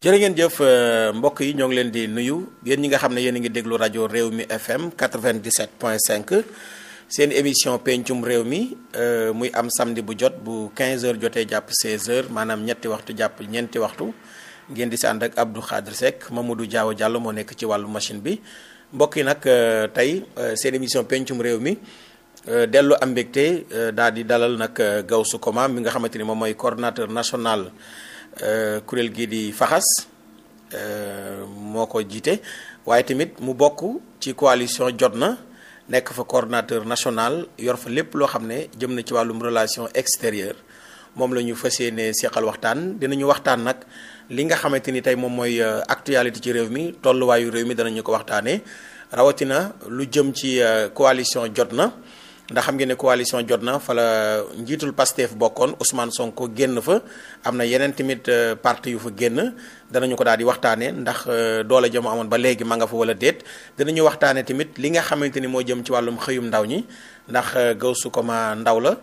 jërë ngeen jëf euh, mbokk yi ñoo ngi leen di nuyu yéen ñi nga xam ne yéen a ngi déglu rajo réew mi FM 97.5 seen émission pencum réew mi euh, muy am samedi bu jot bu 15h jotee jàpp 16h maanaam ñetti waxtu jàpp ñeenti waxtu ngeen di si ànd ak Abdou Khadre Seck Mamadou Diaw jàll moo nekk ci wàllu machine bi mbokk yi nag euh, tey seen émission pencum réew mi dellu am mbégte daal di dalal nag Gaoussou Koma mi nga xamante ni moom mooy coordonnateur national. Euh, kuréel gii di faxas euh, moo ko jiite waaye tamit mu bokk ci coalition jot na nekk fa coordonnateur national yor fa lépp loo xam ne jëm na ci wàllum relation extérieure moom la ñu fas yéene seqal waxtaan dinañu waxtaan nag li nga xamante ni tey moom mooy euh, actualité ci réew mi tolluwaayu réew mi danañu ko waxtaanee rawatina lu jëm ci coalition jot na ndax xam ngeen ne coalition jot na fa la njiitul fu bokkoon Ousmane Sonko génn fa am na yeneen tamit euh, parti yu fa génn danañu ko daal di waxtaanee ndax euh, doole jëm amoon ba léegi ma nga fa wala déet danañu waxtaanee tamit li nga xamante ni moo jëm ci wàllum xëyum ndaw ñi ndax euh, Gaoussou Koma ndaw la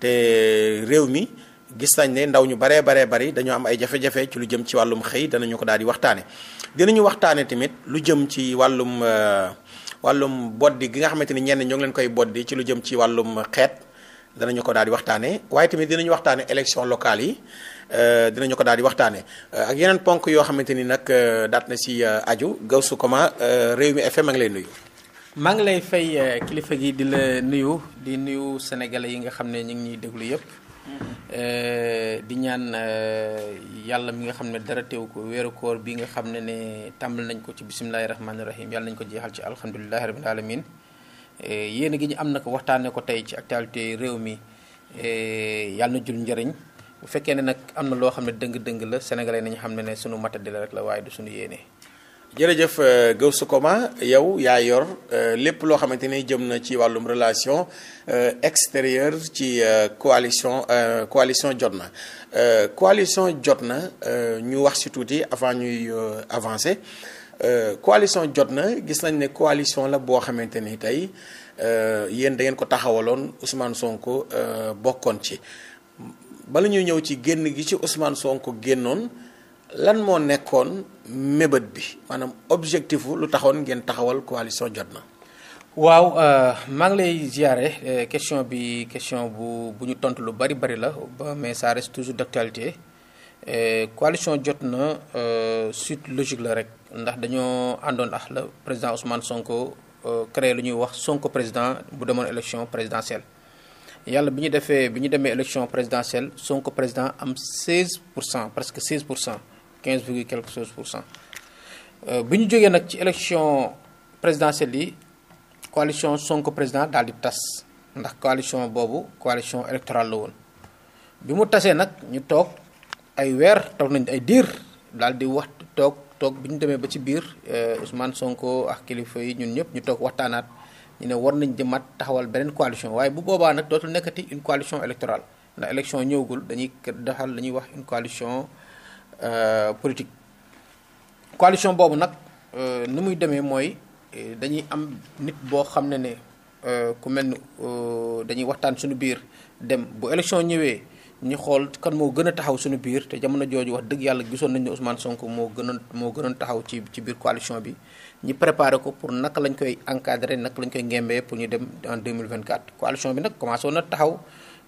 te réew mi. gis nañ ne ndaw ñu baree baree bari dañoo am ay jafe ci lu jëm ci wàllum xëy danañu ko daal di waxtaane dinañu waxtaane tamit lu jëm ci wàllum wàllum boddi gi nga xamante ni ñenn ñoo ngi leen koy boddi ci lu jëm ci wàllum xeet danañu ko daal di waxtaanee waaye tamit dinañu waxtaane élection locale yi euh, dinañu ko daal di waxtaanee euh, ak yeneen ponk yoo xamante ni nag euh, daat na si aju Gaoussou Koma mi FM a ngi lay nuyu. maa ngi lay fay kilifa gi di la nuyu di nuyu sénégalais yi nga xam ne ñu ngi ñuy déglu yëpp. Euh, di ñaan euh, yàlla mi nga xam ne dara teew ko weeru koor bi nga xam ne ne tàmbal nañ ko ci bisimilahi rahmaani rahim yàlla nañ ko jeexal ci alhamdulilahi rabbil alamin euh, yéen gi ñu am na ko waxtaanee ko tey ci actualité réew mi yàlla na jul njëriñ bu fekkee ne nag am na loo xam ne dëng-dëng la sénégalais nañu xam ne ne sunu matadi la rek la waaye du sunu yéene. jërëjëf euh, Gaoussou Koma yow yaa yor euh, lépp loo xamante ni jëm na ci wàllum relation euh, extérieure ci coalition coalition Jotna coalition Jotna ñu wax si tuuti avant ñuy avancer coalition na gis nañ ne coalition la boo xamante ni tey yéen da ngeen ko taxawaloon Ousmane Sonko bokkoon ci bala ñuy ñëw ci génn gi ci sonk Sonko génnoon. lan moo nekkoon mébét bi maanaam objectif lu taxoon ngeen taxawal coalition jot na. waaw euh, maa ngi lay ziare euh, question bi question bu bu ñu tontu lu bari bari la ba mais ça reste toujours d'actualité et euh, coalition jot na suite logique la rek ndax dañoo àndoon ak la président Ousmane Sonko créé lu ñuy wax Sonko président bu demoon élection présidentielle. yàlla bi ñu defee bi ñu demee élection présidentielle Sonko président am 16 pour cent presque 16 pour cent. quinze virgule quelque chose pour cent euh, bi ñu jógee nag ci élection présidentielle yi coalition Sonko président daal di tas ndax coalition boobu coalition électorale la woon bi mu tasee nag ñu toog ay weer toog nañ ay diir daal di wax toog toog bi ñu demee ba ci biir euh, Ousmane Sonko ak kilifa yi ñun ñëpp ñu toog waxtaanaat ñu ne war nañ jëmaat taxawal beneen coalition waaye bu boobaa nag dootul nekkati une coalition électorale ndax élection ñëwagul dañuy daxal dañuy wax une coalition. Euh, politique coalition boobu nag euh, ni muy demee mooy euh, dañuy am nit boo xam ne ne ku mel ni dañuy waxtaan suñu biir dem bu élection ñëwee ñu xool kan moo gën a taxaw suñu biir te jamono jooju wax dëgg yàlla gisoon nañ ne Ousmane Sonko moo gënoon moo gënoon taxaw ci ci biir coalition bi ñu préparé ko pour naka lañ koy encadrer naka lañ koy ngembee pour ñu dem en 2024. coalition bi nag commencé woon na taxaw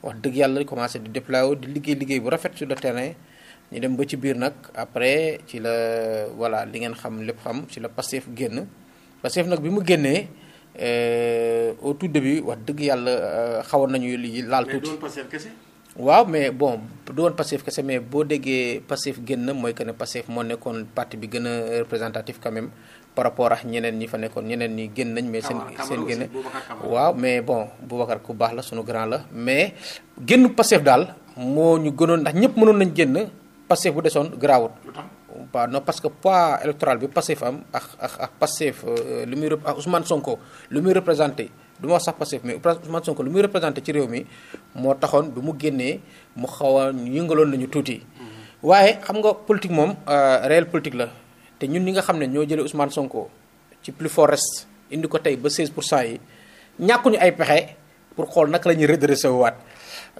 wax dëgg yàlla commencé di déployer di liggéey liggéey bu rafet sur le terrain. ñu dem ba ci biir nag après ci la voilà li ngeen xam lépp xam ci la fu génn Pastef nag bi mu génnee euh, au tout début wax dëgg yàlla euh, xawoon nañu li laal tuuti. waaw mais bon du woon Pastef kese mais boo déggee Pastef génn mooy que ne Pastef moo nekkoon parti bi gën a représentatif quand par rapport ak ñeneen ñi fa nekkoon ñeneen ñi génn nañ. mais seen seen génn waaw mais bon Boubacar ku baax la sunu grand la mais génn Pastef daal moo ñu gënoon ndax ñëpp mënoon nañ génn. Pastef bu desoon garaawut waaw parce que poids électoral bi Pastef am ak ak ak euh, lu muy ak Ousmane Sonko lu muy représenté du ma wax sax Pastef mais Ousmane Sonko lu muy représenté ci réew mi moo taxoon bi mu génnee mu xaw a yëngaloon nañu tuuti. Mm-hmm. waaye xam nga politique moom euh, réel politique la te ñun ñi nga xam ne ñoo jëlee Ousmane Sonko ci plus fort reste indi ko tey ba 16 pour cent yi ñàkkuñu ay pexe pour xool naka la ñuy redressé waat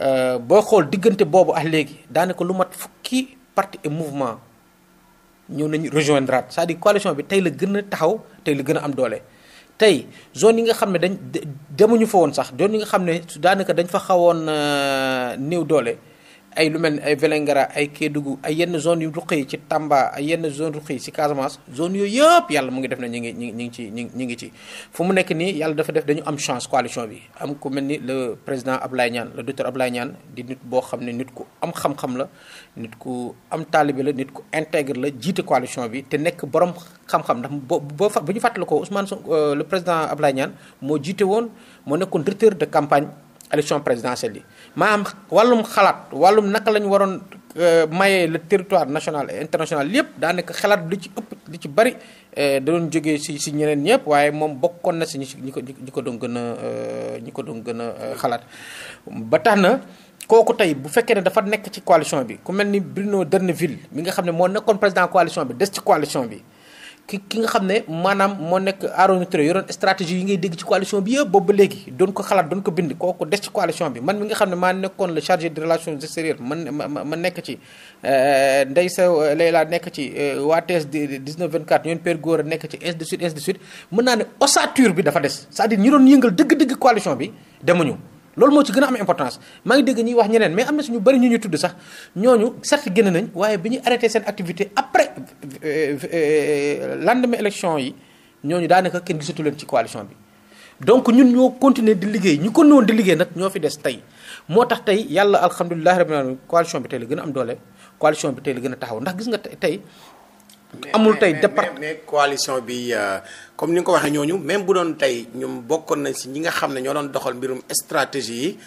euh, boo xool diggante boobu ak léegi daanaka lu mat fukki. parti et mouvement ñëw nañu rejoindre cest di dire coalition bi tey la gën a taxaw tey la gën a am doole. tey zone yi nga xam ne dañ demuñu fa woon sax zone yi nga xam ne daanaka dañ fa xawoon euh, néew doole. ay lu mel ni ay Vélingara ay Kédougou ay yenn zone yu ruq yi ci Tamba ay yenn zone ruq yi ci Casamance zone yooyu yëpp yàlla mu ngi def na ñu ngi ñu ngi ci ñu ñu ngi ci fu mu nekk nii yàlla dafa def dañu am chance coalition bi am ku mel ni le président Ablaye Niane le docteur Ablaye Niane di nit boo xam ne nit ku am xam-xam la nit ku am taalibe la nit ku intègre la jiite coalition bi te nekk borom xam-xam ndax boo fa bu ñu fàttali ko Ousmane euh, le président Ablaye moo jiite woon moo nekkoon directeur de campagne élection présidentielle yi maanaam wàllum xalaat wàllum naka la ñu waroon euh, mayee le territoire national et international yëpp daanaka xalaat li ci ëpp li ci bari euh, da doon jógee si si ñeneen ñëpp waaye moom bokkoon na si ñi ñi ko ñi ko doon gën a euh, ñi ko doon gën a xalaat ba tax na kooku tey bu fekkee ne dafa nekk ci coalition bi ku mel ni Bruno Derneville mi nga xam ne moo nekkoon président coalition bi des ci coalition bi ki ki nga xam ne maanaam moo nekk Arona Touré yi ngay dégg ci coalition bi yëpp boobu ba léegi doon ko xalaat doon ko bind kooku des ci coalition bi man mi nga xam ne maa nekkoon le chargé de relations extérieures man ma nekk ci euh, Ndeye Sow euh, Leila nekk ci euh, waa TS 1924 ñoom Père a nekk ci ainsi de suite ainsi de suite mën naa ne ature bi dafa des c'est-à-dire ñi doon yëngal dëgg-dëgg coalition bi demuñu. loolu moo ci gën a am importance maa ngi dégg ñi wax ñeneen mais am na suñu bëri ñu ñu tudd sax ñooñu certes génn nañ waaye bi ñu arrêté seen activité après euh, lendemain élection yi ñooñu daanaka kenn gisatu leen ci coalition bi donc ñun ñoo continuer di liggéey ñu ko woon di liggéey nag ñoo fi des tey moo tax tey yàlla alhamdulilahi rabbil alamin coalition bi tey la gën a am doole coalition bi tey la gën a taxaw ndax gis nga tey amul tey départ mais bi euh, comme ni nga ko waxee ñooñu même bu doon tey ñoom bokkoon nañ si ñi nga xam ne ñoo doon doxal mbirum stratégie yi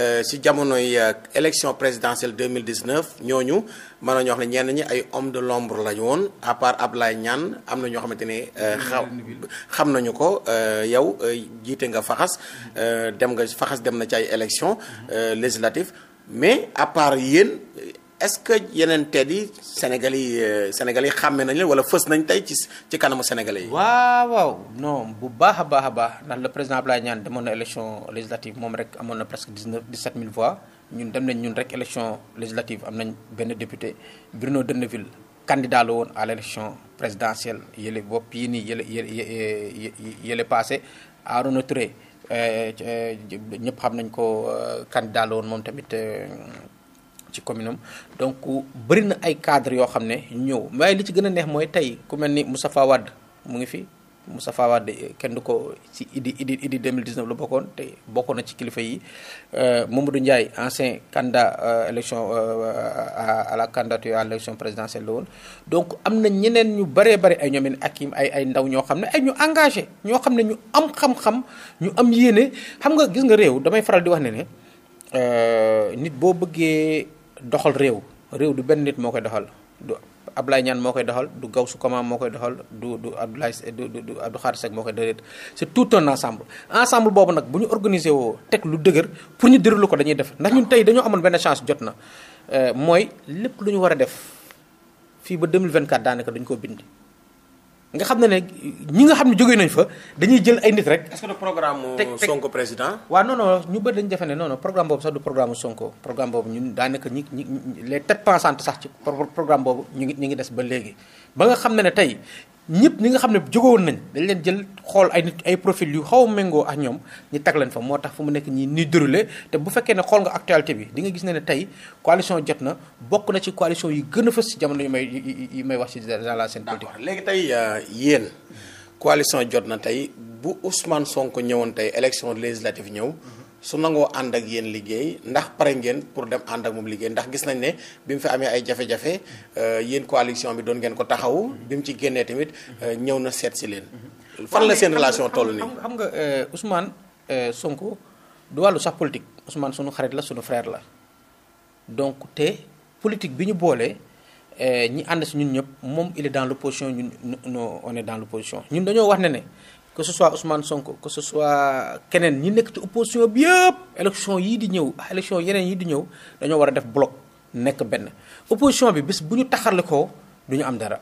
euh, si jamonoy euh, élection présidentielle 2019 ñooñu mën nañoo wax ne ñeen ñi ay homme de l'ombre lañu woon à ab Ablaye ñaan am na ñoo xamante euh, ne xam nañu ko yow jiite nga faxas dem nga faxas dem na ci ay élection mhm. législative mais à part est-ce que yeneen teet yi Sénégal yi euh, Sénégal yi xàmme nañ leen wala fës nañ tey ci ci kanamu sénégal yi. waaw waaw bu baax a baax a baax ndax le président Abdoulaye ñaan demoon na élection législative moom rek amoon na presque dix neuf dix sept mille voix ñun dem nañ ñun rek élection législative am nañ benn député Bruno Denneville candidat la woon à l' élection présidentielle yële bopp yii nii yële yë yële passé Arona Touré euh, euh, ñëpp xam nañ ko candidat la woon moom tamit. ci commune am donc bëri na ay cadres yoo xam ne ñëw waaye li ci gën a neex mooy tey ku mel ni Moustapha Wade mu ngi fi Moustapha Wade eh, kenn du ko ci Idi Idi Idi 2019 la bokkoon te bokkoon na ci kilifa yi euh, Mamadou Ndiaye ancien candidat euh, élection euh, à la candidature à l'élection présidentielle la woon donc am na ñeneen ñu bëree bëri ay ñoom ak i ay ay ndaw ñoo xam ne ay ñu engagé ñoo xam ne ñu am xam-xam ñu am yéene xam nga gis nga réew damay faral di wax ne ne nit boo bëggee doxal réew réew du benn nit moo koy doxal du ab Ablaye ñaan moo koy doxal du gaw su comment moo koy doxal du du Abdoulaye du du Abdou Khadre Seck moo koy déedéet c'est tout un ensemble ensemble boobu nag bu ñu organiser woo teg lu dëgër pour ñu déroulé ko dañuy def ndax ñu tey dañoo amoon benn chance jot na euh, mooy lépp lu ñu war a def fii ba 2024 daanaka dañu ko bind. nga xam ne ne ñi nga xam ne jóge nañ fa dañuy jël ay nit rek. est-ce que le programme Sonko président. waaw non non ñu bëri dañu defe ne non non programme boobu sax du programme Sonko programme boobu ñun daanaka ñi ñi les têtes pensantes sax ci programme boobu ñu ngi ñu ngi des ba léegi ba nga xam ne ne tey ñëpp ñi nga xam ne jógowoon nañ dañ leen jël xool ay nit ay profil yu xaw a méngoo ak ñoom ñu tag leen fa moo tax fu mu nekk ñi ni déroulé te bu fekkee ne xool nga actualité bi di nga gis ne ne tey coalition jot na bokk na ci coalition yi gën a fës ci jamono yu may yu may wax ci dans la scène politique. d'accord léegi tey euh, yéen coalition jot na tey bu Ousmane Sonko ñëwoon tey élection législative ñëw. Mm-hmm. su nangoo ànd ak yéen liggéey ndax pare ngeen pour dem ànd ak moom liggéey ndax gis nañ ne bi mu fi amee ay jafe-jafe euh, yéen coalition bi doon ngeen ko taxawu bi mu ci génnee tamit euh, ñëw na seet si leen. fan la seen relation toll nii. xam nga euh, Ousmane Sonko du wàllu sax politique usman sunu xarit la sunu frère la donc te politique bi ñu boole. ñi ànd si ñun ñëpp moom il est dans l'opposition ñun on est dans l'opposition ñun dañoo wax ne ne que ce soit Ousmane Sonko que ce soit keneen ñi nekk ci opposition bi yëpp élection yii di ñëw élection yeneen yi di ñëw dañoo war a def bloc nekk benn opposition bi bis bu ñu taxarle ko du ñu am dara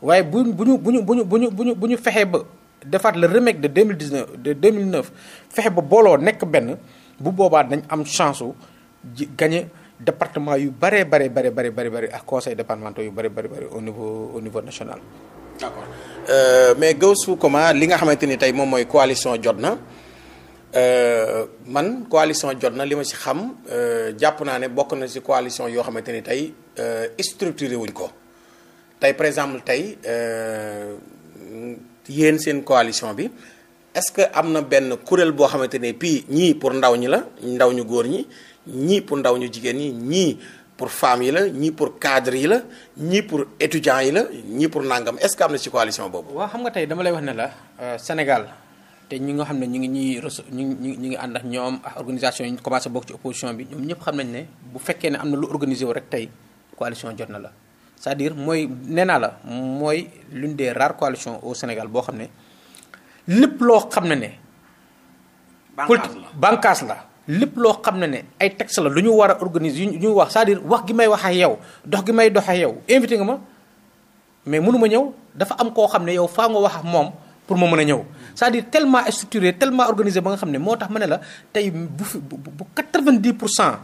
waaye bu bu ñu bu ñu bu ñu bu ñu bu ñu bu ñu fexee ba defaat le remake de 2019 de 2009 fexe ba booloo nekk benn bu boobaa dañ am chance u ji gagné département yu bare bare bare bare bare bare ak conseil départementaux yu bare bare bare au niveau au niveau national d'accord euh, mais Gaoussou Koma li nga xamante ni tey moom mooy coalition jot na euh, man coalition jot na li ma ci xam euh, jàpp naa ne bokk na ci coalition yoo xamante ni tey structuré wuñ ko tey par exemple tey yéen seen coalition bi est-ce que am na benn kuréel boo xamante ne puis ñii pour ndaw ñi la ndaw ñu góor ñi ñii pour ndaw ñu jigéen ñi ñii pour femmes yi la ñii pour cadre yi la ñii pour étudiants yi la ñii pour nangam est-ce que am na ci coalition boobu. waa xam nga tey dama lay wax ne la euh, Sénégal te ñi nga xam ne ñu ngi ñuy reso ñu ngi ñu ngi ànd ak ñoom ak organisation yi ñu commencé bokk ci opposition bi ñoom ñëpp xam nañ ne bu fekkee ne am na lu organisé rek tey coalition jot na la c'est-à-dire mooy nee naa la mooy l'une des rares coalitions au Sénégal boo xam ne lépp loo xam ne ne. banqaas la lépp loo xam ne ne ay texte la lu ñu war a organiser yu ñu wax cest à wax gi may wax ay yow dox gi may dox ak yow invité nga ma mais mënu ñëw dafa am koo xam ne yow faa nga wax moom pour ma mën a ñëw c'est-à-dire tellement structuré tellement organisé nga xam ne moo tax ma ne la tey bu fi bu 90 pour cent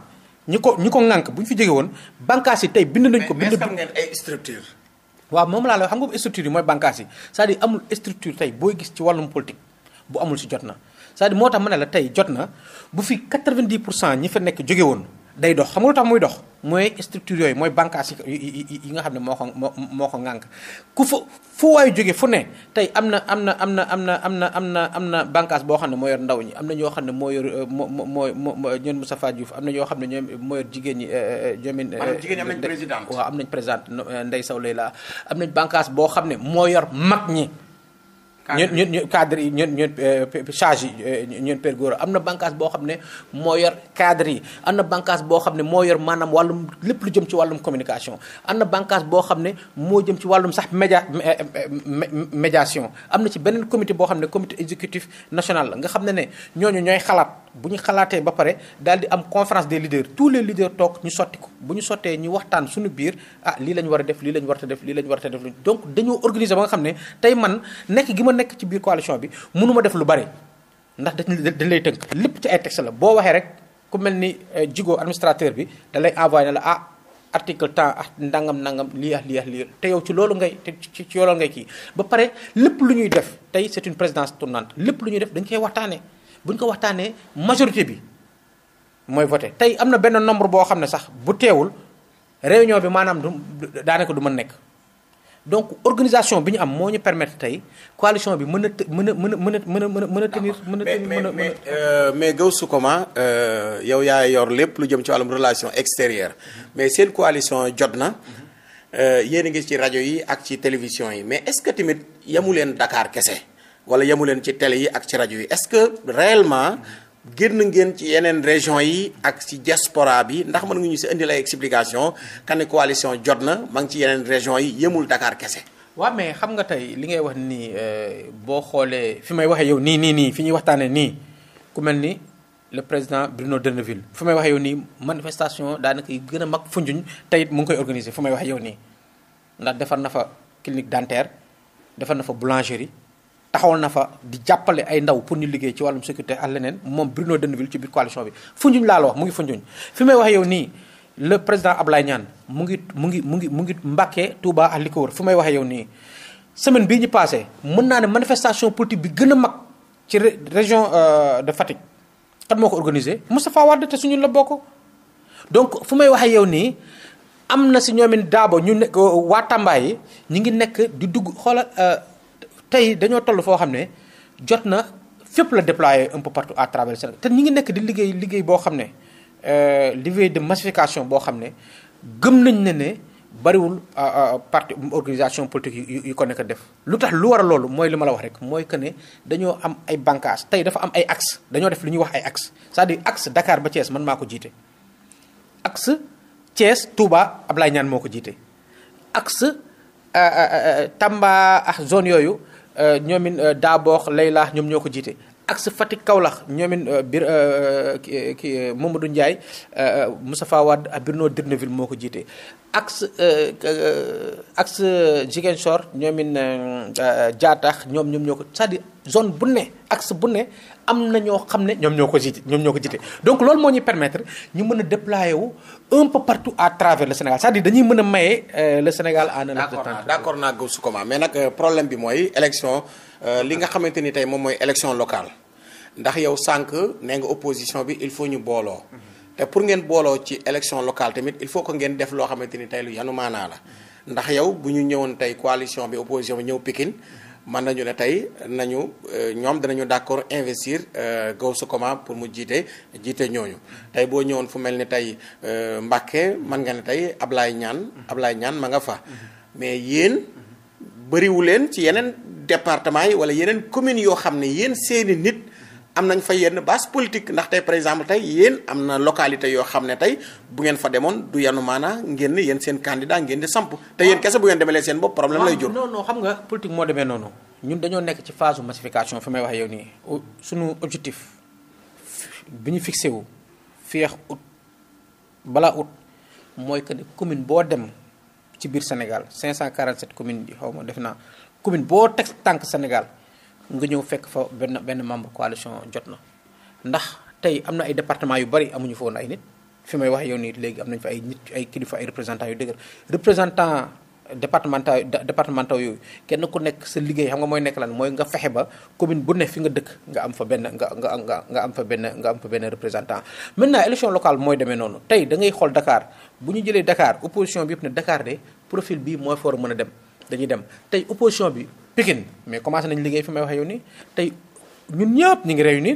ñi ko ñi ko ŋànk bu ñu fi jóge woon bànqaas yi tey bind nañ ko. bind xam ngeen ay structure waaw moom laa la xam nga structure yi mooy bànqaas yi c'est-à-dire amul structure tey booy gis ci wàllum politique bu amul si jot na. cest à moo tax ma ne la tey jot na bu fi 90 pour cent ñi fa nekk jóge woon day dox xam nga lu tax muy dox mooy structure yooyu mooy bànqaas yi nga xam ne moo ko moo ko ŋànk ku fa fu jóge fu ne tey am na am na am na am na am na am na am na bànqaas boo xam ne moo yor ndaw ñi am na ñoo xam ne moo yor moo moo moo ñoom Moustapha Diouf am na ñoo xam ne ñoom moo jigéen ñi euh, euh, ñoom. maanaam euh, jigéen ñi am nañ présidente. waaw am nañ présidente Ndeye Sow Leila am nañ bànqaas boo xam ne moo yor mag ñi. ñun ñun ñun cadre yi ñun ñun euh, charge yi euh, ñun pergora am na bànqaas boo xam ne moo yor cadre yi am na bànqaas boo xam ne moo yor maanaam wàllum lépp lu jëm ci wàllum communication am na bànqaas boo xam ne moo jëm ci wàllum sax média euh, médiation am na ci beneen comité boo xam ne comité exécutif national la nga xam ne ne ñooñu ñooy xalaat bu ñu xalaatee ba pare daal di am conférence des leaders tous les leaders toog ñu sotti ko bu ñu sottee ñu waxtaan suñu biir ah lii lañ war a def lii lañ war a def lii lañ war a def donc dañoo organiser ba nga xam ne tey man nekk gi ma nekk ci biir coalition bi mënu ma def lu bari ndax dañ lay tënk lépp ci ay texte la boo waxee rek ku mel ni euh, jigo administrateur bi da lay envoyé ne la ah article temps ah ndangam nangam lii ah lii ah lii te yow ci loolu ngay te ci yoolal ngay kii ba pare lépp lu ñuy def tey c'est une présidence tournante lépp lu ñuy def dañ koy waxtaanee bu ñu ko waxtaanee majorité bi mooy voté tey am na benn nombre boo xam ne sax bu teewul réunion bi maanaam du daanaka du mën nekk. donc organisation bi ñu am moo ñu permettre tey coalition bi mën a mën a mën a mën a mën a mën a mën a tenir mën a mën a mais euh, mais Gaoussou Koma euh, yow yaa yor lépp lu jëm ci wàllum relation extérieure mm-hmm. mais seen coalition jot na mm-hmm. euh, yéen a ngi ci rajo yi ak ci télévision yi mais est-ce que tamit yamu leen Dakar kese wala yemu leen ci télé yi ak ci rajo yi est-ce que réellement génn ngeen ci yeneen région yi ak ci diaspora bi ndax mën nga ñu si indil ay explication kan coalition jot na ma ngi ci yeneen région yi yemul Dakar kese. waaw mais xam nga tey li ngay wax nii euh, boo xoolee fi may waxee yow nii nii nii fi ñuy waxtaanee nii ku mel ni le président Bruno Deneville fi may waxee yow nii manifestation daanaka yi gën a mag funjuñ tey it mu ngi koy organiser fi may waxee yow nii ndax defar na fa clinique dentaire defar na fa boulangerie. taxawal na fa di jàppale ay ndaw pour ñu liggéey ci wàllum sécurité ak leneen moom Bruno Denneville ci biir coalition bi Foundiougne laa la wax mu ngi Foundiougne fi mu ngi mu ngi mu ngi mu ngi Mbacké Touba li ko wër fi may waxee yow nii semaine bii ñu passé mën naa ne manifestation politique bi gën a mag ci région euh, de Fatick kan moo ko organisé Moustapha Wade te ñu la bokk donc fu may waxee yow nii am na si ñoomin daabo ñu ne waa Tamba yi ñu ngi nekk di dugg xoolal euh, tey dañoo toll foo xam ne jot na fépp la déployer un peu partout à travers Sénégal te ñi ngi nekk di liggéey liggéey boo xam ne euh, liggéey de massification boo xam ne gëm nañ ne ne bariwul euh, euh, parti organisation politique yu ko nekk def. lu tax lu war a loolu mooy li ma la wax rek mooy que ne dañoo am ay bànqaas tey dafa am ay axe dañoo def lu ñuy wax ay axe c'est-à-dire axe Dakar ba Thiès man maa ko jiite axe Thiès Touba Ablaye Niane moo ko jiite axe Tamba ak zone yooyu. Euh, ñoomin euh, Daaboox Layla ñoom ñoo ko jiite axe Fatick kawlax ñoomin euh, bir ki ki Mamadou Ndiaye Moustapha Wade ak Birno Dirneville moo ko jiite axe axe Ziguinchor ñoomin Diattax ñoom ñoom ñoo ko cest à zone bu ne axe bu am na ñoo xam ne ñoom ñoo ko jiite ñoom ñoo ko jiite donc loolu moo ñu permettre ñu mën a déployer wu un partout à travers le Sénégal cest à dañuy mën a maye euh, le Sénégal en un accord d'accord naa Gaoussou Koma mais nag euh, problème bi mooy élection euh, li nga xamante ni tey moom mooy élection locale ndax yow sànq nee nga opposition bi il faut ñu booloo te pour ngeen booloo ci élection locale tamit il faut que ngeen def loo xamante ni tey lu yanu naa la ndax yow bu ñu ñëwoon tey coalition bi opposition bi ñëw Pikine mën nañu ne tey nañu euh, ñoom danañu d'accord investir euh, Gaoussoukouma pour mu jiite jiite ñooñu tey boo ñëwoon fu mel ni tey euh, Mbacké mën nga ne tey Ablaye Niane Ablaye ñaan ma nga fa mais yéen bëriwu leen ci yeneen département yi wala yeneen communes yoo xam ne yéen seeni nit am nañ fa yenn base politique ndax tey par exemple tey yéen am na localité yoo xam ne tey bu ngeen fa demoon du yanu maanaa ngeen yéen seen candidat ngeen di samp te yéen ah. kese bu ngeen demalee seen bopp problème ah, lay jur non non xam nga politique moo demee noonu ñun dañoo nekk ci phase massification fi may wax yow nii suñu objectif bi ñu fixé wu féex août balaa août mooy que ne commune boo dem ci biir Sénégal quarante 547 commune yi xaw ma def naa commune boo teg tànk Sénégal nga ñëw fekk fa benn benn membre coalition jot na ndax tey am na ay département yu bari amuñu fa woon ay nit fi may wax yow nii léegi am nañu fa ay nit ay kilifa ay représentants yu dëgër représentant départemental départementaux yooyu kenn ku nekk sa liggéey xam nga mooy nekk lan mooy nga fexe ba commune bu ne fi nga dëkk nga am fa benn nga nga nga nga am fa benn nga am fa benn représentant maintenant élection locale mooy demee noonu tey da ngay xool dakaar bu ñu jëlee Dakar opposition bi yëpp ne Dakar de profil bii mooy foor mën a dem dañuy dem tey opposition bi Pikine mais commencé nañ liggéey fi may waxee yow nii tey ñun ñëpp ñu ngi nii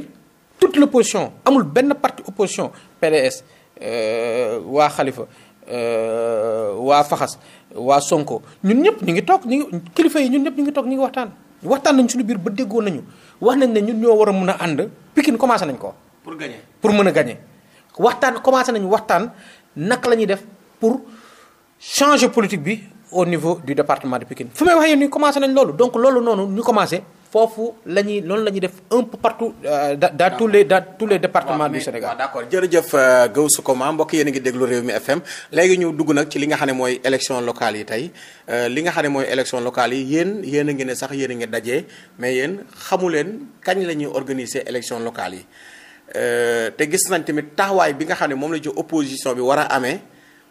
toute l'opposition amul benn parti opposition PDS euh, waa Khalifa euh, waa Faxas waa Sonko ñun ñëpp ñu ngi toog ñu kilifa yi ñun ñëpp ñu ngi toog ñu ngi waxtaan. waxtaan nañ suñu biir ba déggoon nañu wax nañ ne ñun ñoo war a mun a ànd Pikine commencé nañ ko. pour pour mën a gagner waxtaan commencé nañu waxtaan naka lañuy def pour changer politique bi. au niveau du département de Pikine fu may waxee nii commencé nañ loolu donc loolu noonu ñu commencé foofu la ñuy loolu la ñuy def un peu partout euh, dans tous les dans les départements du Sénégal. waaw d'accord jërëjëf euh, Gaoussou Koma mbokk yéen a ngi déglu mi FM léegi ñu dugg nag ci li nga xam ne mooy élection locale yi tey euh, li nga xam ne mooy élection locale yi yéen yéen a ngi ne sax yéen a ngi dajee mais yéen xamu leen kañ la ñuy organiser élection locale yi te gis nañ tamit taxawaay bi nga xam ne moom la ci opposition bi war a amee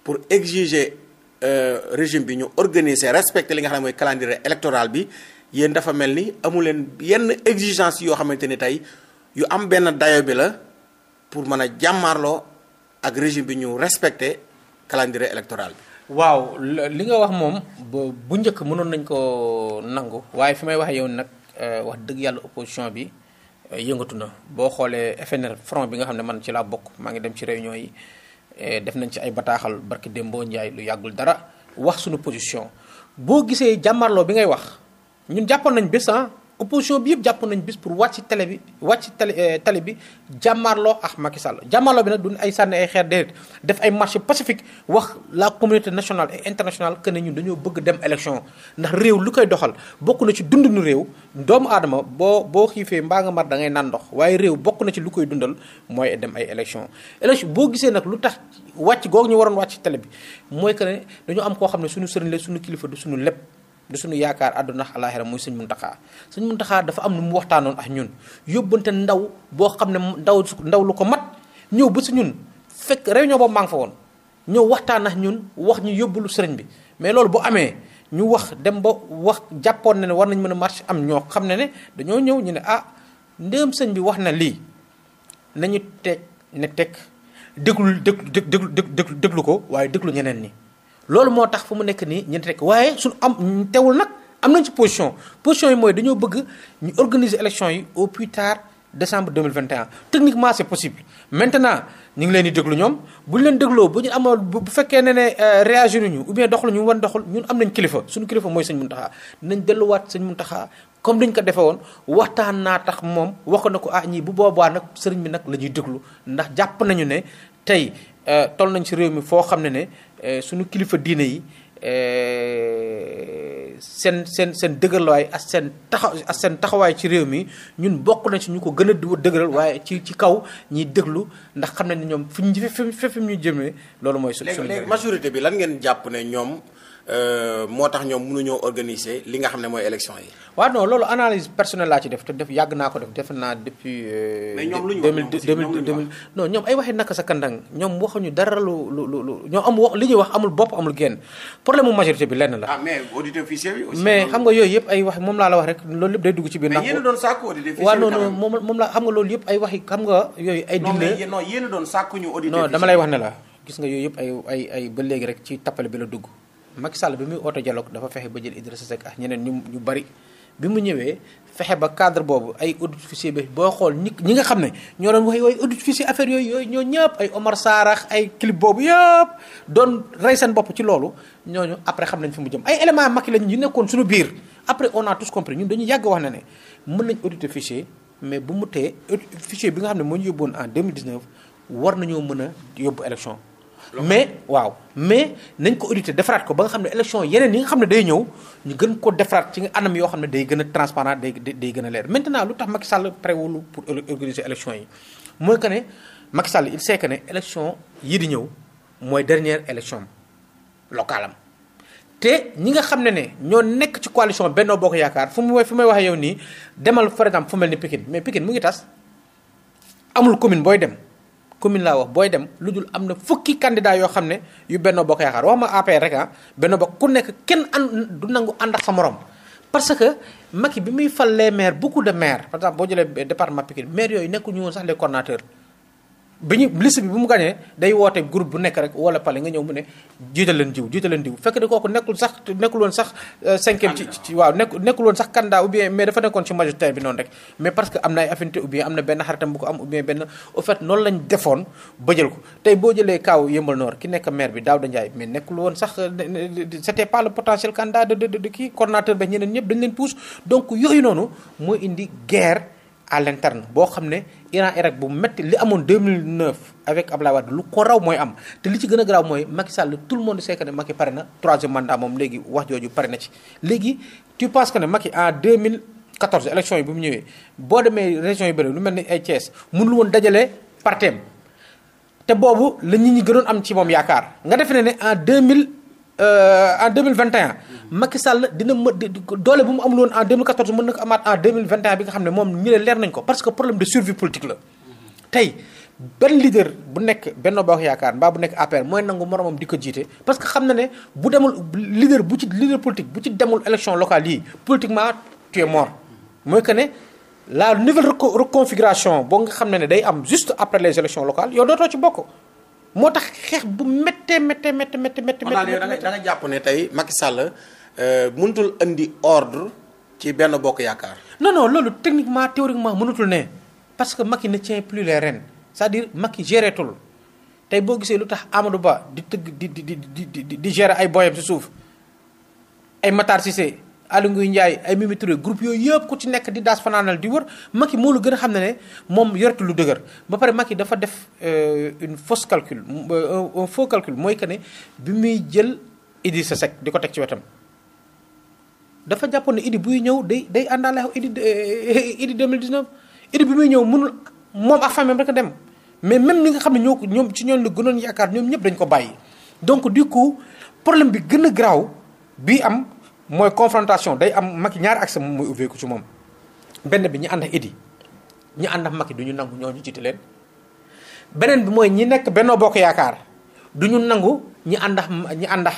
pour exiger. Euh, régime bi ñu organiser respecter li nga xam ne mooy calendrier électoral bi yéen dafa mel ni amu leen yenn exigence yoo xamante ni tey yu am benn dayo bi la pour mën a jàmmaarloo ak régime bi ñu respecter calendrier électoral bi. waaw li nga wax moom bu njëkk mënoon nañ ko nangu waaye fi may waxee yow nag euh, wax dëgg yàlla opposition bi euh, yëngatu na boo xoolee FNR front bi nga xam ne man ci laa bokk maa ngi dem ci réunion yi. Eh, def nañ ci ay bataaxal barki Dembo Ndiaye lu yàggul dara wax suñu position boo gisee jàmbarloo bi ngay wax ñun jàppoon nañ bés ah opposition bi yëpp jàpp nañ bis pour wàcc télé bi wàcc télé euh, télé bi jàmmaarloo ak Macky Sall jàmmaarloo bi nag duñ ay sànni ay xeer déedéet def ay marché pacifique wax la communauté nationale et internationale que ne ñun dañoo bëgg dem élection ndax réew lu koy doxal bokk na ci dundunu réew doomu aadama boo boo xiifee mbaa nga mar da ngay naan ndox waaye réew bokk na ci lu koy dundal mooy dem ay élection élection boo gisee nag lu tax wàcc googu ñu waroon wàcc télé bi mooy que ne dañoo am koo xam ne suñu sëriñ suñu kilifa du suñu lépp du suñu yaakaar àdduna àllaaxira muy suñ muntaxaa suñ muntaxaa dafa am lu mu waxtaanoon ak ñun yóbbante ndaw boo xam ne ndaw ndaw lu ko mat ñëw ba si ñun fekk réunion ñoo maa ngi fa woon ñëw waxtaan ak ñun wax ñu yóbbu lu sëriñ bi mais loolu bu amee ñu wax dem ba wax jàppoon na ne war nañ mën a marché am ñoo xam ne ne dañoo ñëw ñu ne ah ndéem sëñ bi wax na lii nañu teg ne teg déglu déglu déglu déglu ko waaye déglu ñeneen ñi. loolu moo tax fu mu nekk nii ñeenti rek waaye suñu am tewul nag am nañ ci position position yi mooy dañoo bëgg ñu organiser élection yi au plus tard décembre 2021 techniquement c'est possible maintenant ñu ngi leen di déglu ñoom bu ñu leen dégloo bu ñu amoon bu fekkee ne ne euh, réagir ñu ou bien doxul ñu wan doxul ñun am nañ kilifa suñu kilifa mooy sañ mun Muntaxa nañ delluwaat sëñ Muntaxa comme dañ ko defee woon waxtaan naa tax moom wax na ko ah ñii bu boobaa sëriñ bi nag la ñuy déglu ndax jàpp nañu ne tey euh, toll nañ ci réew mi foo xam ne ne. Eh, sunu kilifa diine yi eh, seen seen seen dëgërlawaay ak seen taxaw ak seen taxawaay ci réew mi ñun bokk nañ ci ñu ko gën a dëgëral waaye ci ci kaw ñiy déglu ndax xam na ne ñoom fi ñu fi fi ñu jëmee loolu mooy. suñu léegi majorité bi lan ngeen jàpp ne ñoom. Euh, moo tax ñoom mënuñoo organiser li nga xam ne mooy élection yi. waaw non loolu analyse personnelle laa ci def te def yàgg naa ko def def naa depuis. Euh, mais ñoom lu ñu wax ñoom non ñoom ay waxi naka sa kandang ñoom waxuñu dara lu lu lu ñoom am wax li ñuy wax amul bopp amul génn problème mu majorité bi lenn la. ah mais auditeurs officiels yi aussi. mais xam nga yooyu yëpp ay wax moom laa la wax rek loolu yëpp day dugg ci biir. ndax mais yéen a doon sàkku auditeurs officiels yi. waaw non non moom moom laa xam nga loolu yëpp ay waxi xam nga yooyu ay. non mais non yéen a doon sàkku ñu auditeurs non dama lay wax ne la gis nga yooyu yëpp ay ay ay ba léegi rek ci tappale bi la dugg Macky Sall bi muy oote dialogue dafa fexe ba jël Idrissa Seck ak ñeneen ñu ñu bari bi mu ñëwee fexe ba cadre boobu ay audit officier bi boo xool ñi nga xam ne ñoo doon wax yooyu audit officier affaire yooyu yooyu ñoo ñëpp ay Omar Sarax ay clip boobu yëpp doon rey seen bopp ci loolu ñooñu après xam nañ fi mu jëm ay élément Macky lañ ñu nekkoon suñu biir après on a tous compris ñun dañu yàgg wax na ne mën nañ audit officier mais bu mu tee fichier bi nga xam ne moo ñu yóbboon en 2019 war nañoo mën yóbbu élection mais waaw mais nañ ko auditer defaraat ko ba nga xam ne élection yeneen yi nga xam ne day ñëw ñu gën ko defaraat ci anam yoo xam ne day gën a transparent day day gën a leer maintenant lu tax Macky Sall préwulu pour organiser élection yi mooy que ne Macky Sall il sait que ne élection yii di ñëw mooy dernière élection locale am te ñi nga xam ne ne ñoo nekk ci coalition Benno Bokk Yaakaar fu mu fu may waxee yow nii demal par exemple fu mel ni Pikine mais Pikine mu ngi tas amul commune booy dem commune laa wax booy dem lu dul am na fukki candidat yoo xam ne yu benn Bokk Yaakaar wax ma APR rek ah Benno Bokk ku nekk kenn an du nangu ànd ak sa morom parce que Macky bi muy fal les maires beaucoup de maires par exemple boo jëlee département Pikine maires yooyu nekkuñu woon sax les coordonnateurs bi ñu liste bi bu mu gañee day woote groupe bu nekk rek wala pale nga ñëw mu ne jiital leen jiw jiital leen diw fekk di kooku nekkul sax nekkul woon sax euh, cinquième ci ci waaw sax candidat ou bien mais dafa nekkoon ci majorité bi noonu rek mais parce que am na ay affinité ou bien am na benn xaritam bu ko am ou bien benn au fait noonu lañ defoon ba ko tey boo jëlee kaaw yëmbal noor ki nekk maire bi Daouda Ndiaye mais nekkul woon sax c'était pas le potentiel candidat de de de kii coordonnateur ba ñeneen ñëpp dañ leen noonu mooy indi guerre à l'interne boo xam ne Iran Irak bu métti li amoon 2009 avec Ablaye Wade lu ko raw mooy am te li ci gën a garaaw mooy Macky Sall tout le monde sait que ne Macky pare na troisième mandat moom léegi wax jooju pare na ci. léegi tu penses que ne Macky en 2014 élection yi bu mu ñëwee boo demee région yu bëri lu mel ni ay Thiès mënul woon dajale parteem te boobu la ñi gënoon am ci moom yaakaar nga defe ne ne en Euh, en 2021 Macky Sall dina mën doole bu mu amul woon en 2014 mën na ko amaat en 2021 bi nga xam ne moom ñu ne leer nañ ko parce que problème de survie politique la tey benn leader bu nekk Benno Bokk Yaakaar mbaa bu nekk APR mooy nangu moromam di ko jiite parce que xam na ne bu demul leader bu ci leader politique bu ci demul élection locale yii politiquement tu es mort mooy que ne la nouvelle reconfiguration xam ne ne day am juste après les élections locales yow dootoo bokk moo tax xeex bu méttee méttee méttee méttee méttee. méttee da nga da nga jàpp ne tey Macky Sall euh, mënutul indi ordre ci benn bokk yaakaar. non non loolu techniquement théoriquement mënutul ne parce que Macky ne tient plus les ren c'est-à-dire Macky géreetul tey boo gisee lu tax Amadou Ba di tëgg di di di di di gérer ay boyam si suuf ay Matar Cissé. Aly Ngouille Ndiaye ay Mimi Touré yooyu yëpp ku ci nekk di daas fanaanal di wër Macky moo la gën a xam ne ne moom yoratu lu dëgër ba pare yi dafa def euh, une fausse calcul euh, un faux mooy que ne bi muy jël Idrissa Seck di ko teg ci wetam dafa jàppoon ne Idi buy ñëw day day àndaale Idi euh, Idi 2019 Idi bi muy ñëw mënul moom ak famille rek a dem mais même ñi nga xam ne ñoo ñoom ci ñoom la gënoon yaakaar ñoom ñëpp dañ ko bàyyi donc du coup problème bi gën a garaaw bi am. mooy confrontation day am Macky ñaari accès moom mooy ubbeeku ci moom benn bi ñu ànd ak Idi ñu ànd ak Macky du ñu nangu ñoo ñu jiite leen beneen bi mooy ñi nekk Benno Bokk Yaakaar du nangu ñi ànd ak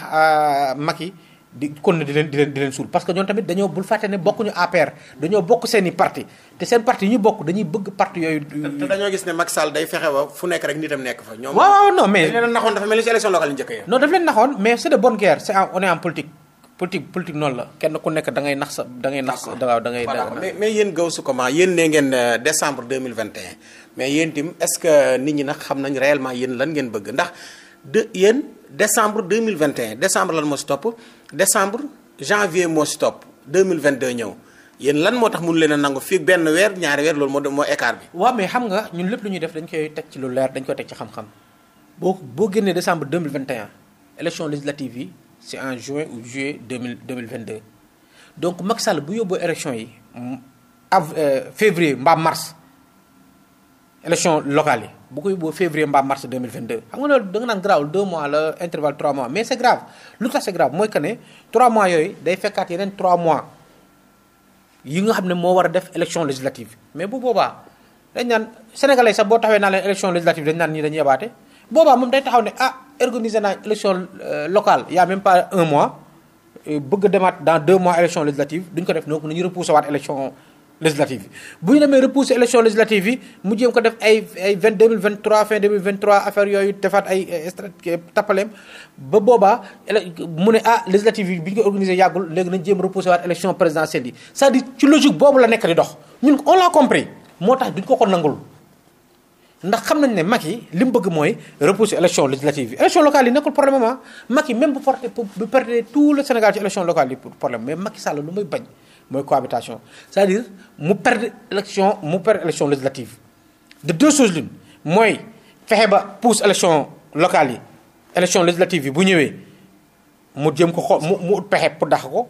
ñi euh, di kon di di leen suul parce que ñoom tamit dañoo bul fàtte ne bokkuñu APR dañoo bokk seen i parti te seen parti yi ñu bokk dañuy bëgg parti yooyu. te dañoo gis ne Macky Sall day fexe fu nekk rek nitam nekk fa. waaw waaw non mais leen naxoon dafa mel politique politique noonu la kenn ku nekk da ngay nax sa da ngay nax sa waaw da ngay. mais mais yéen Gaoussou Koma yéen nee ngeen euh, décembre 2021 mais yéen tim est-ce que nit ñi nag xam nañ réellement yéen lan ngeen bëgg ndax de yéen décembre 2021 décembre lan moo si topp décembre janvier moo si topp 2022 ñëw. yéen lan moo tax mun leen a nangu fii benn weer ñaari weer loolu moo moo écart bi. waaw mais xam nga ñun lépp lu ñuy def dañ koy teg ci lu leer dañ koy teg ci xam-xam boo boo génnee décembre 2021 yi c'est en juin ou juillet 2022 donc Macky Sall bu yóbboo élection yi mm, euh, février mbaa mars élection locale yi bu yóbbu yóbboo février mbaa mars 2022 xam nga loolu da nga naan garaawul 2 mois la intervalle 3 mois mais c'est grave lu tax c'est grave mooy que ne 3 mois yooyu day fekkaat yeneen 3 mois yi nga xam ne moo war a def élection législative mais bu boobaa dañ naan sénégalais sax boo taxawee naa leen élection législative dañ naan ñii dañ yabaate boobaa moom day organisé naa élection euh, locale il y a même pas un mois euh, bëgg demaat dans deux mois élection législative duñ ko def donc nañu repousser waat élection législative bi bu ñu demee repousser élection législative yi mu jéem ko def ay ay vingt deux mille vingt trois fin deux mille vingt trois affaire yooyu defaat ba boobaa mu ne ah législative yi bi ñu ko organisé yàggul léegi nañ jéem repousser waat élection présidentielle yi c'est-à-dire ci logique boobu la nekk di dox ñun on l'a compris moo tax duñ ko ko nangul ndax xam nañ ne yi li mu bëgg mooy repousser élection législative yi élection locale yi nekkul problème ma ah. Macky même bu porté bu perdre tout le Sénégal ci élection locale yi problème mais Macky Sall lu muy bañ mooy cohabitation c'est-à-dire mu perdre élection mu perdre élection législative de deux choses l'une mooy fexe ba pousse élection locale yi élection législative yi bu ñëwee mu jëm ko xool mu mu pexe pour dàq ko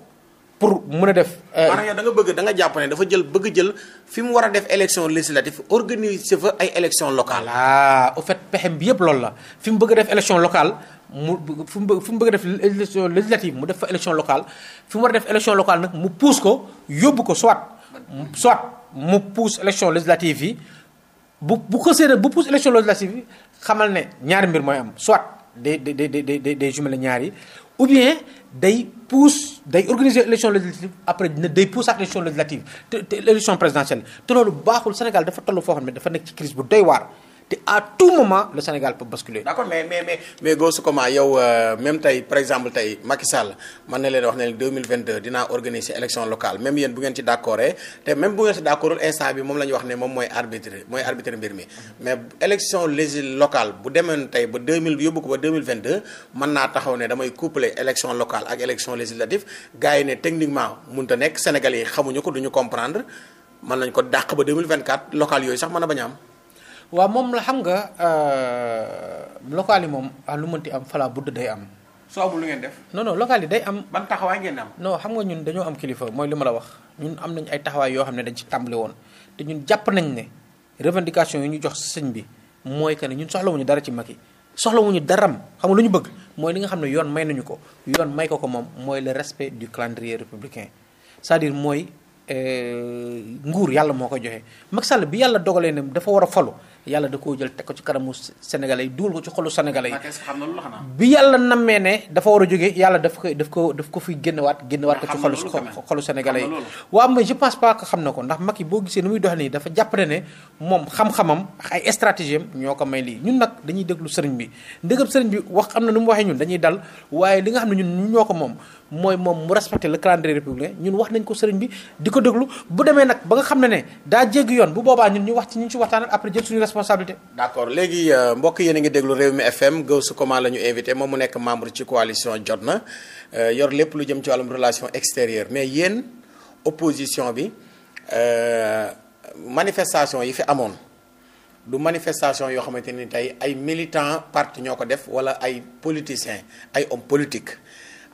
pour mun a def. Euh, maanaam yow da nga bëgg danga nga jàpp ne dafa jël bëgg jël fi mu war a def élection législative organiser fa ay élection local voilà au fait pexem bi yëpp loolu la fi mu bëgg def élection locale mu fi mu bëgg fi mu bëgg a def élection législative mu def fa élection locale fi def élection nag mu pousse ko yóbbu ko soit soit mu pousse élection législative yi. bu bu xësee nag bu pousse élection législative bi xamal ne ñaari mbir mooy am soit de day day day day jumelé ñaar ñaari ou bien day pousse day organiser élection législative après dina day pousse ak élection législative te te élection présidentielle te loolu baaxul Sénégal dafa toll foo xam ne dafa nekk ci crise bu doy waar. te à tout moment le Sénégal peut basculer. d'accord mais mais mais mais Gaoussou Koma yow euh, même tey par exemple tey Macky Sall man na leen wax ne leen 2022 dinaa organiser élection locale même yéen bu ngeen ci d'accord te même bu ngeen ci d'accord instant ñu wax ne moom mooy locale bu demoon tey ba 2000 yóbbu ko ba 2022 mën naa taxaw ne damay coupler élection locale ak élection législative gars ne techniquement mënut a nekk Sénégalais yi xamuñu yooyu a bañ waaw moom la xam nga euh, local yi moom ah lu mënti am fala budd day am. soo amul lu ngeen def. non non yi day am. ban taxawaay ngeen am. noo xam nga ñun dañoo am kilifa mooy li ma la wax ñun am nañ ay taxawaay yoo xam ne dañ ci tàmbali woon te ñun jàpp nañ ne revendication yi ñu jox sëñ bi mooy que ne ñun soxlawuñu dara ci mag yi soxlawuñu daram xam nga lu ñu bëgg mooy li nga xam ne yoon may nañu ko yoon may ko ko moom mooy le respect du calendrier républicain c'est-à-dire mooy euh, nguur yàlla moo ko joxe Macky Sall bi yàlla dogalee ne dafa war a yàlla da koo jël teg ko ci kanamu sénégalais yi dugal ko ci xolu sénégalais yi bi yàlla nammee ne dafa war a jógee yàlla daf ko daf ko fi génnewaat génnewaat ko ci xolu xolu sénégalais yi waaw mais je pense pas que xam na ko ndax Macky boo gisee ni muy dox nii ñoo ko may lii ñun nag dañuy déglu sëriñ bi ndëgam sëriñ bi wax am na nu mu waxee ñun dañuy dal waaye li nga xam ne ñun ñoo ko moom mooy moom mu respecté le calendrier républicain ñun wax nañ ko sëriñ bi di ko déglu bu demee nag ba nga xam ne ne daa jéggi yoon bu boobaa ñun ñu wax ci ñu responsabilité. d' accord léegi euh, mbokk yéen a ngi déglu réew mi FM Gaoussou Koma la ñu invité moom mu nekk membre ci coalition jot na euh, yor lépp lu jëm ci wàllum relation extérieure mais yéen opposition bi euh, manifestation yi fi amoon du manifestation yoo xamante ni tey ay militants partie ñoo ko def wala ay politiciens ay hommes politiques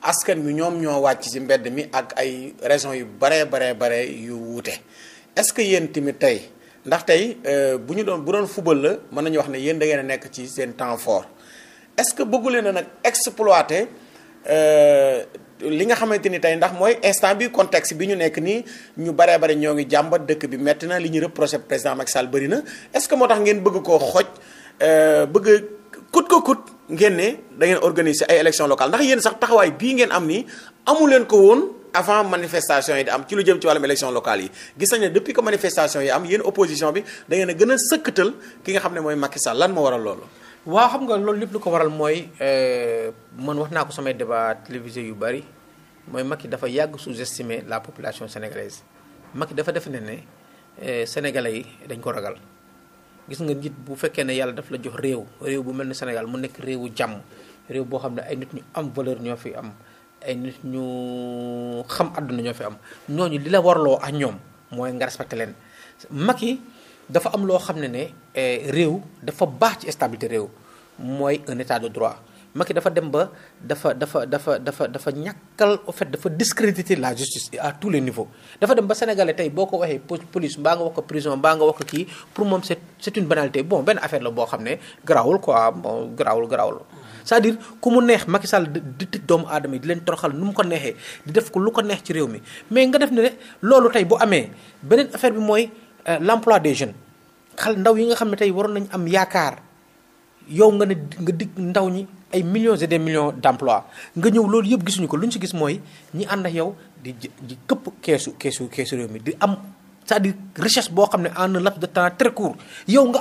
askan wi ñoom ñoo wàcc ci mbedd mi ak ay raisons yu baree baree bare yu wuute est ce que yéen tamit tey. ndax tey euh, bu ñu doon bu doon fubal la mën nañu wax ne yéen da ngeen a nekk ci seen temps fort est-ce que bëggu leen a nag exploiter euh, li nga xamante ni tey ndax mooy instant bi contexte bi ñu nekk nii ñu baree bari ñoo ngi jàmbat dëkk bi metti na li ñu reproché président Macky Sall bëri na est-ce que moo tax ngeen bëgg koo xoj euh, bëgg kut ko kut ngeen ne da ngeen organiser ay élections locales ndax yéen sax taxawaay bii ngeen am ni amu leen ko woon. avant manifestation yi di am ci lu jëm ci wàllum élection locale yi gis nañ ne depuis que manifestation yi am yéen opposition bi da a gën a sëkkatal ki nga xam ne mooy Macky sax lan moo waral loolu. waa xam nga loolu lépp lu ko waral mooy euh, man wax naa ko samay débat télévisé yu bari mooy mag Macky dafa yàgg sous-estimer la population sénégalaise Macky dafa def ne ne euh, sénégalais yi dañ ko ragal. gis nga nit bu fekkee ne yàlla daf la jox réew réew bu mel ne Sénégal mu nekk réewu jàmm réew boo xam ne ay nit ñu am valeur ñoo fi am. ay nit ñu xam àdduna ñoo fi am ñooñu li la warloo ak ñoom mooy nga leen mag yi dafa am loo xam ne ne eh, réew dafa baax ci stabilité réew mooy un état de droit Macky dafa dem ba dafa dafa dafa dafa dafa ñàkkal au fait dafa discréditer la justice à tous les niveaux dafa dem ba sénégale tey boo ko waxee police mbaa nga wax ko prison mbaa nga wax ko kii pour moom c'est c'est une banalité bon benn affaire la boo xam ne garaawul ko bon garaawul garaawul c'est-à-dire ku mu neex Macky Sall di doomu aadama yi di leen toroxal nu mu ko neexee di def ko lu ko neex ci réew mi mais nga def ne loolu tey bu amee beneen affaire bi mooy euh, l'emploi des jeunes xal ndaw yi nga xam ne tey waroon nañu am yaakaar yow nga ne nga dig ndaw ñi ay millions et des millions d'emplois nga ñëw loolu yëpp gisuñu ko lu ñu si gis mooy ñi ànd ak yow di di këpp keesu keesu keesu réew mi di am c'est-à-dire boo xam ne en un laps de temps très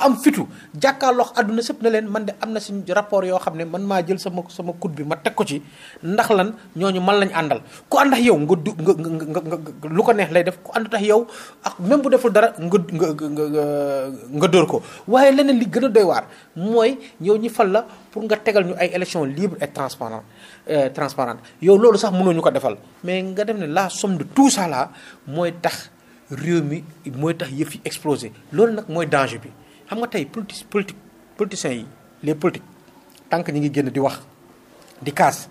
am fitu jàkkaarloo àdduna sëpp na leen man de am na si rapport yoo xam ne man maa jël sama sama kut bi ma teg ko ci ndax lan ñooñu man lañ àndal ku ànd ak yow nga du nga nga nga lu ko neex lay def ku ànd yow ak même bu deful dara nga nga nga nga dóor ko waaye leneen li gën a doy mooy yow ñi fal la pour nga tegal ñu ay élection libre et transparent euh, transparente yow loolu sax mënoo ñu ko defal mais nga def ne laa somme de tout ça là mooy tax. réew mi mooy tax yëf yi explosé loolu nag mooy danger bi xam nga tey politi politique politiciens yi les politiques tant que ñu ngi génn di wax di kaas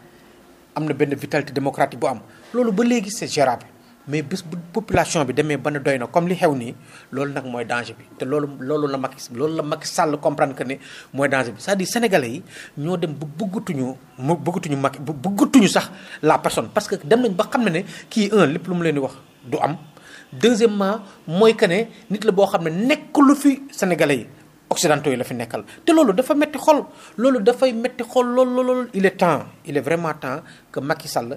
am na benn vitalité démocratique bu am loolu ba léegi c'est gérable mais bés bu population bi demee ba ne doy na comme li xew nii loolu nag mooy danger bi te loolu loolu la Macky loolu la mag sàll comprendre que ne mooy danger bi sa à dire yi ñoo dem bu bëggatuñu mu bëggatuñu Macky bëggatuñu sax la personne parce que dem nañ ba xam ne ne kii lépp lu leen di wax du am. deuxièmement mooy que ne nit la boo xam ne nekk lu fi sénégalais yi occidentaux yi la fi nekkal te loolu dafa metti xol loolu dafay metti xol loolu lool il est temps il est vraiment temps que Macky Sall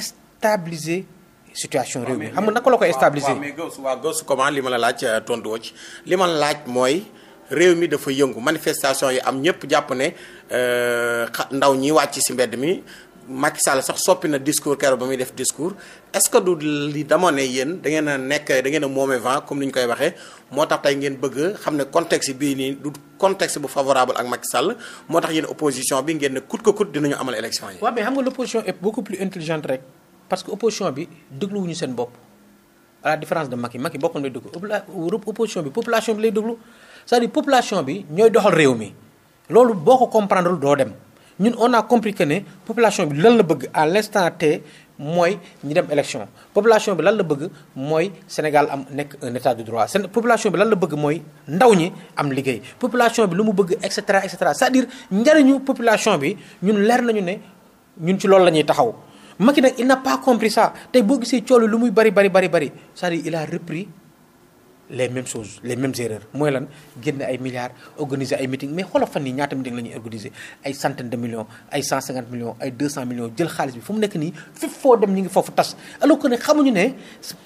stabiliser situation réew mi xam nga naka la koy stabiliser. waaw mais Gaoussou waaw Gaoussou li ma la laaj euh, tontu woo ci li ma laaj mooy réew mi dafa yëngu manifestation yi am ñëpp jàpp ne euh, ndaw ñi wàcc si mbedd mi. Macky Sall sax soppi na discours keroog ba muy def discours est-ce du li dama ne yéen da a nekk da ngeen a moome vent comme ni ñu koy waxee moo tax tey ngeen bëgg xam ne contexte bii nii du contexte bu favorable ak Macky Sall moo tax yéen opposition bi ngeen ne coûte que coûte dinañu amal élection yi. waaw mais xam nga l'opposition est beaucoup plus intelligente rek parce que opposition bi dégluwuñu seen bopp à la différence de Macky Macky boppam lay déglu opposition bi population bi lay bi ñooy doxal réew mi loolu boo ko comprendre doo dem. ñun on a compris que ne population bi lan la bëgg à l'instant T mooy ñu dem élection population bi lan la bëgg mooy Sénégal am nekk un état de population bi lan la bëgg mooy ndaw ñi am liggéey population bi lu mu bëgg et cetera et cetera c'est-à-dire njariñu population bi ñun leer nañu ne ñun ci loolu la ñuy taxaw Macky nag il n'a pas compris ça tey boo gisee coolu lu muy bari bari bari bari cest dire il a repris les mêmes choses les mêmes erreurs mooy lan génn ay milliards organiser ay meeting mais xoolal fan yi ñaata meeting la ñuy organiser ay centaine de millions ay 150 millions ay 200 millions jël xaalis bi fu mu nekk nii fépp foo dem ñi ngi foofu tas alors que ne xamuñu ne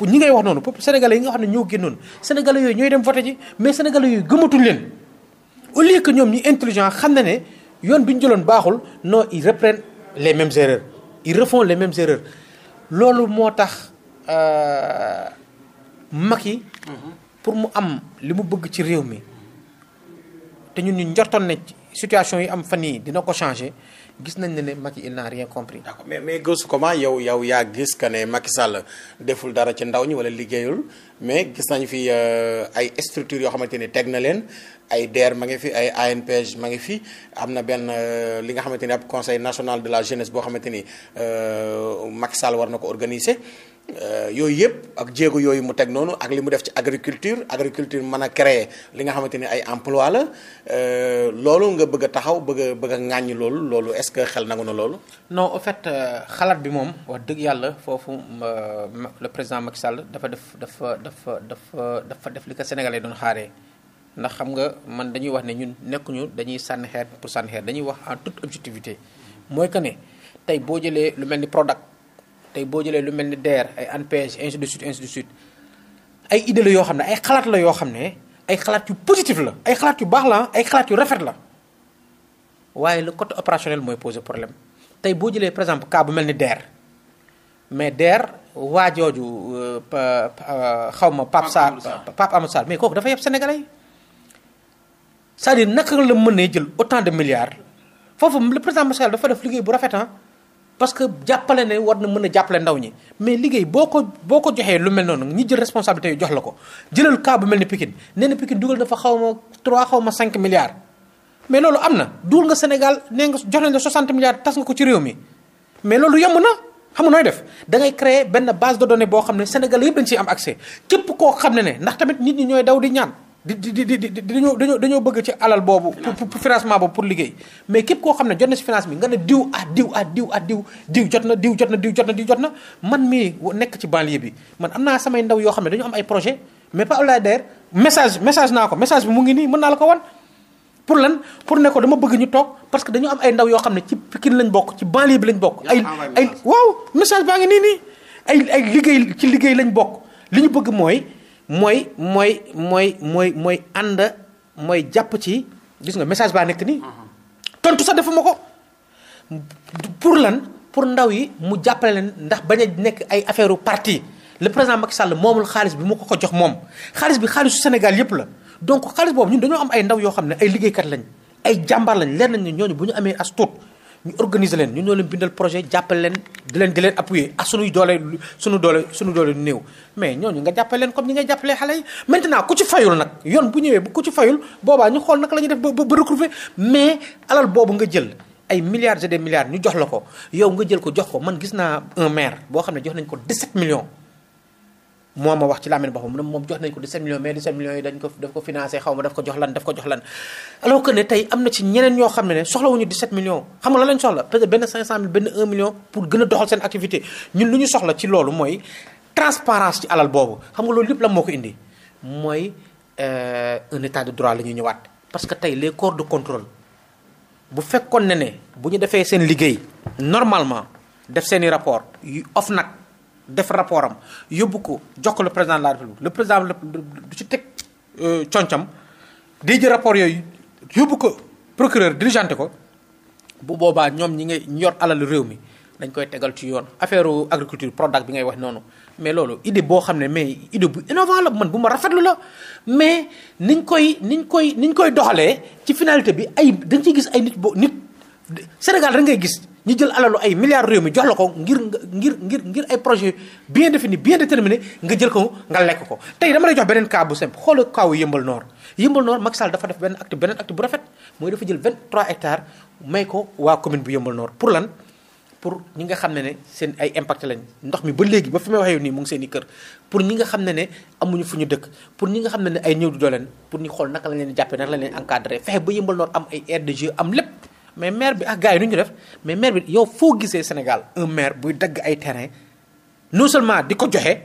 ñi ngay wax noonu peuple sénégalais yi nga xam ne ñoo génnoon sénégalais yooyu ñooy dem voté ji mais sénégalais yooyu leen au lieu que ñoom ñi intelligent xam na ne yoon bi ñu jëloon baaxul non ils reprennent les mêmes erreurs ils refont les mêmes erreurs loolu moo tax euh, mag yi mm-hmm. pour mu am li mu bëgg ci réew mi te ñun ñu njortoon ne situation yi am fan yi dina ko changé gis nañ ne ne Macky il n'a rien compris. mais mais gëstu comment yow yow yaa gis que ne Macky deful dara ci ndaw ñi wala liggéeyul mais gis nañu fi euh, ay structures yoo xamante ni teg na leen ay DER ma ngi fi ay ANPEJ ma ngi fi am na benn euh, li nga xamante ni ab conseil national de la jeunesse boo xamante ni euh, Macky Sall war na ko organiser. Euh, yooyu yëpp ak jéego yooyu mu teg noonu ak li mu def ci agriculture agriculture mën a créer li nga xamante ni ay emplois la euh, loolu nga bëgg a taxaw bëgg bëgg a ŋàññi loolu loolu est-ce que xel nangu na loolu. no en fait euh, xalaat bi moom wax dëgg yàlla foofu le président Macky Sall dafa def dafa dafa dafa dafa def li ko sénégalais doon xaaree ndax xam nga man dañuy wax ne ñun nekkuñu dañuy sànni xeer pour sànni xeer dañuy wax en tout objectivité mooy que ne tey boo jëlee lu mel ni Prodac tey boo jëlee lu mel ni DER ay ANPEJ ainsi de suite ainsi de suite ay idée la yoo xam ne ay xalaat la yoo xam ne ay xalaat yu positif la ay xalaat yu baax la ay xalaat yu rafet la waaye le côté opérationnel mooy poser problème tey boo jëlee par exemple cas bu mel ni DER mais DER waa jooju euh, euh, xaw ma Pape Sarr Pape Amadou Sarr mais kooku dafa yeb Sénégalais yi c'est-à-dire naka la mën mënee jël autant de milliards foofu le président Macky Sall dafa def liggéey bu rafet parce que jàppale ne war na mën a jàppale ndaw ñi mais liggéey boo ko boo ko joxee lu mel noonu ñi jël responsabilité yu jox la ko jëlal cas bu mel ni Pikine nee na Pikine dugal na fa xaw ma 3 xaw ma 5 milliards. mais loolu am na dugal nga Sénégal nee nga jox nañ la 60 milliards tas nga ko ci réew mi mais loolu yomb na xam nooy def da ngay créer benn base de données boo xam ne Sénégal yëpp dañ ciy am accès képp koo xam ne ne ndax tamit nit ñi ñooy daw di ñaan. di di di di dañoo dañoo dañoo bëgg ci alal boobu. pour financement boobu pour liggéey. mais képp koo xam ne jot na si finance bi nga ne diw ah diw ah diw ah diw diw jot na diw jot na diw jot na diw jot na man mii nekk ci banlieue bi man am naa samay ndaw yoo xam ne dañu am ay projet mais pas Abdoulaye Der message message naa ko message bi mu ngi nii mën naa la ko wan. pour lan pour ne dama bëgg ñu toog parce que dañu am ay ndaw yoo xam ne ci Pikine lañ bokk ci banlieue bi lañ bokk. ay ay waaw message baa ngi nii nii ay liggéey ci liggéey lañ bokk li ñu bëgg mooy. mooy mooy mooy mooy mooy ànd mooy jàpp ci gis nga message baa nekk nii. tontu sax defuma ko pour lan pour ndaw yi mu jàppale leen ndax bañ a nekk ay affaire parti le président Macky Sall moomul xaalis bi mu ko ko jox moom xaalis bi xaalisu Sénégal yëpp la donc xaalis boobu ñun dañoo am ay ndaw yoo xam ne ay liggéeykat lañ ay jàmbar lañ leer nañ ne ñooñu bu ñu amee as ñu organiser leen ñu ñoo leen bindal projet jàppale leen di leen di leen appuyer ak suñuy doole suñu doole suñu doole néew mais ñooñu nga jàppale leen comme ñi ngay jàppalee xale yi maintenant ku ci fayul nag yoon bu ñëwee bu ku ci fayul boobaa ñu xool naka lañu ñuy def ba ba recouvrer mais alal boobu nga jël ay milliards et des milliards ñu jox la ko yow nga jël ko jox ko man gis naa un maire boo xam ne jox nañ ko 17 millions moo ma wax ci làmmiñ boppam ne moom jox nañ ko 17 millions mais 17 millions yi dañ ko daf ko financé xaw ma daf ko jox lan daf ko jox lan alors que ne tey am na ci ñeneen ñoo xam ne ne soxlawuñu 17 millions xam nga lan lañ soxla peut-être benn 500 million pour gën a doxal seen lu ñu soxla ci loolu mooy transparence ci alal boobu xam nga loolu lépp la moo mooy euh, un de droit la ñuy ñëwaat parce que tey les corps de contrôle bu fekkoon ne ne bu ñu defee seen liggéey normalement def seen i rapport yu OFNAC def rapport am yóbbu ko jox ko le président de la république le président lu ci teg euh, concam day jël rapport yooyu yóbbu ko procureur diligenté ko bu boobaa ñoom ñi ngay yor alal réew mi dañ koy tegal ci yoon affaire agriculture Prodac bi ngay wax noonu mais loolu idée boo xam ne mais idée bu innovant la man bu ma rafetlu la mais niñ koy niñ koy niñ koy doxalee ci finalité bi ay dañ ci gis ay nit bo nit Sénégal rek ngay gis ñu jël alalu ay milliards réew mi jox la ko ngir ngir ngir ngir ay projet bien défini bien déterminé nga jël ko nga lekk ko tey dama lay jox beneen cas bu simple xoolal cas Yëmbal noor Yëmbal Nord Macky Sall dafa def benn acte beneen acte bu rafet mooy dafa jël 23 hectares may ko waa commune bu Yëmbal noor pour lan pour ñi nga xam ne ne seen ay impact lañ ndox mi ba léegi ba fi may waxee nii mu ngi seen i kër pour ñi nga xam ne ne amuñu fu ñu dëkk pour ñi nga xam ne ne ay ñëw di pour ñu xool naka lañ leen jàppee naka lañ leen ba Yeumbeul am ay aire de jeu mais mair bi ak gars yi nu ñu def mais maire bi yow foo gisee Sénégal un maire buy dagg ay terrain non seulement di ko joxe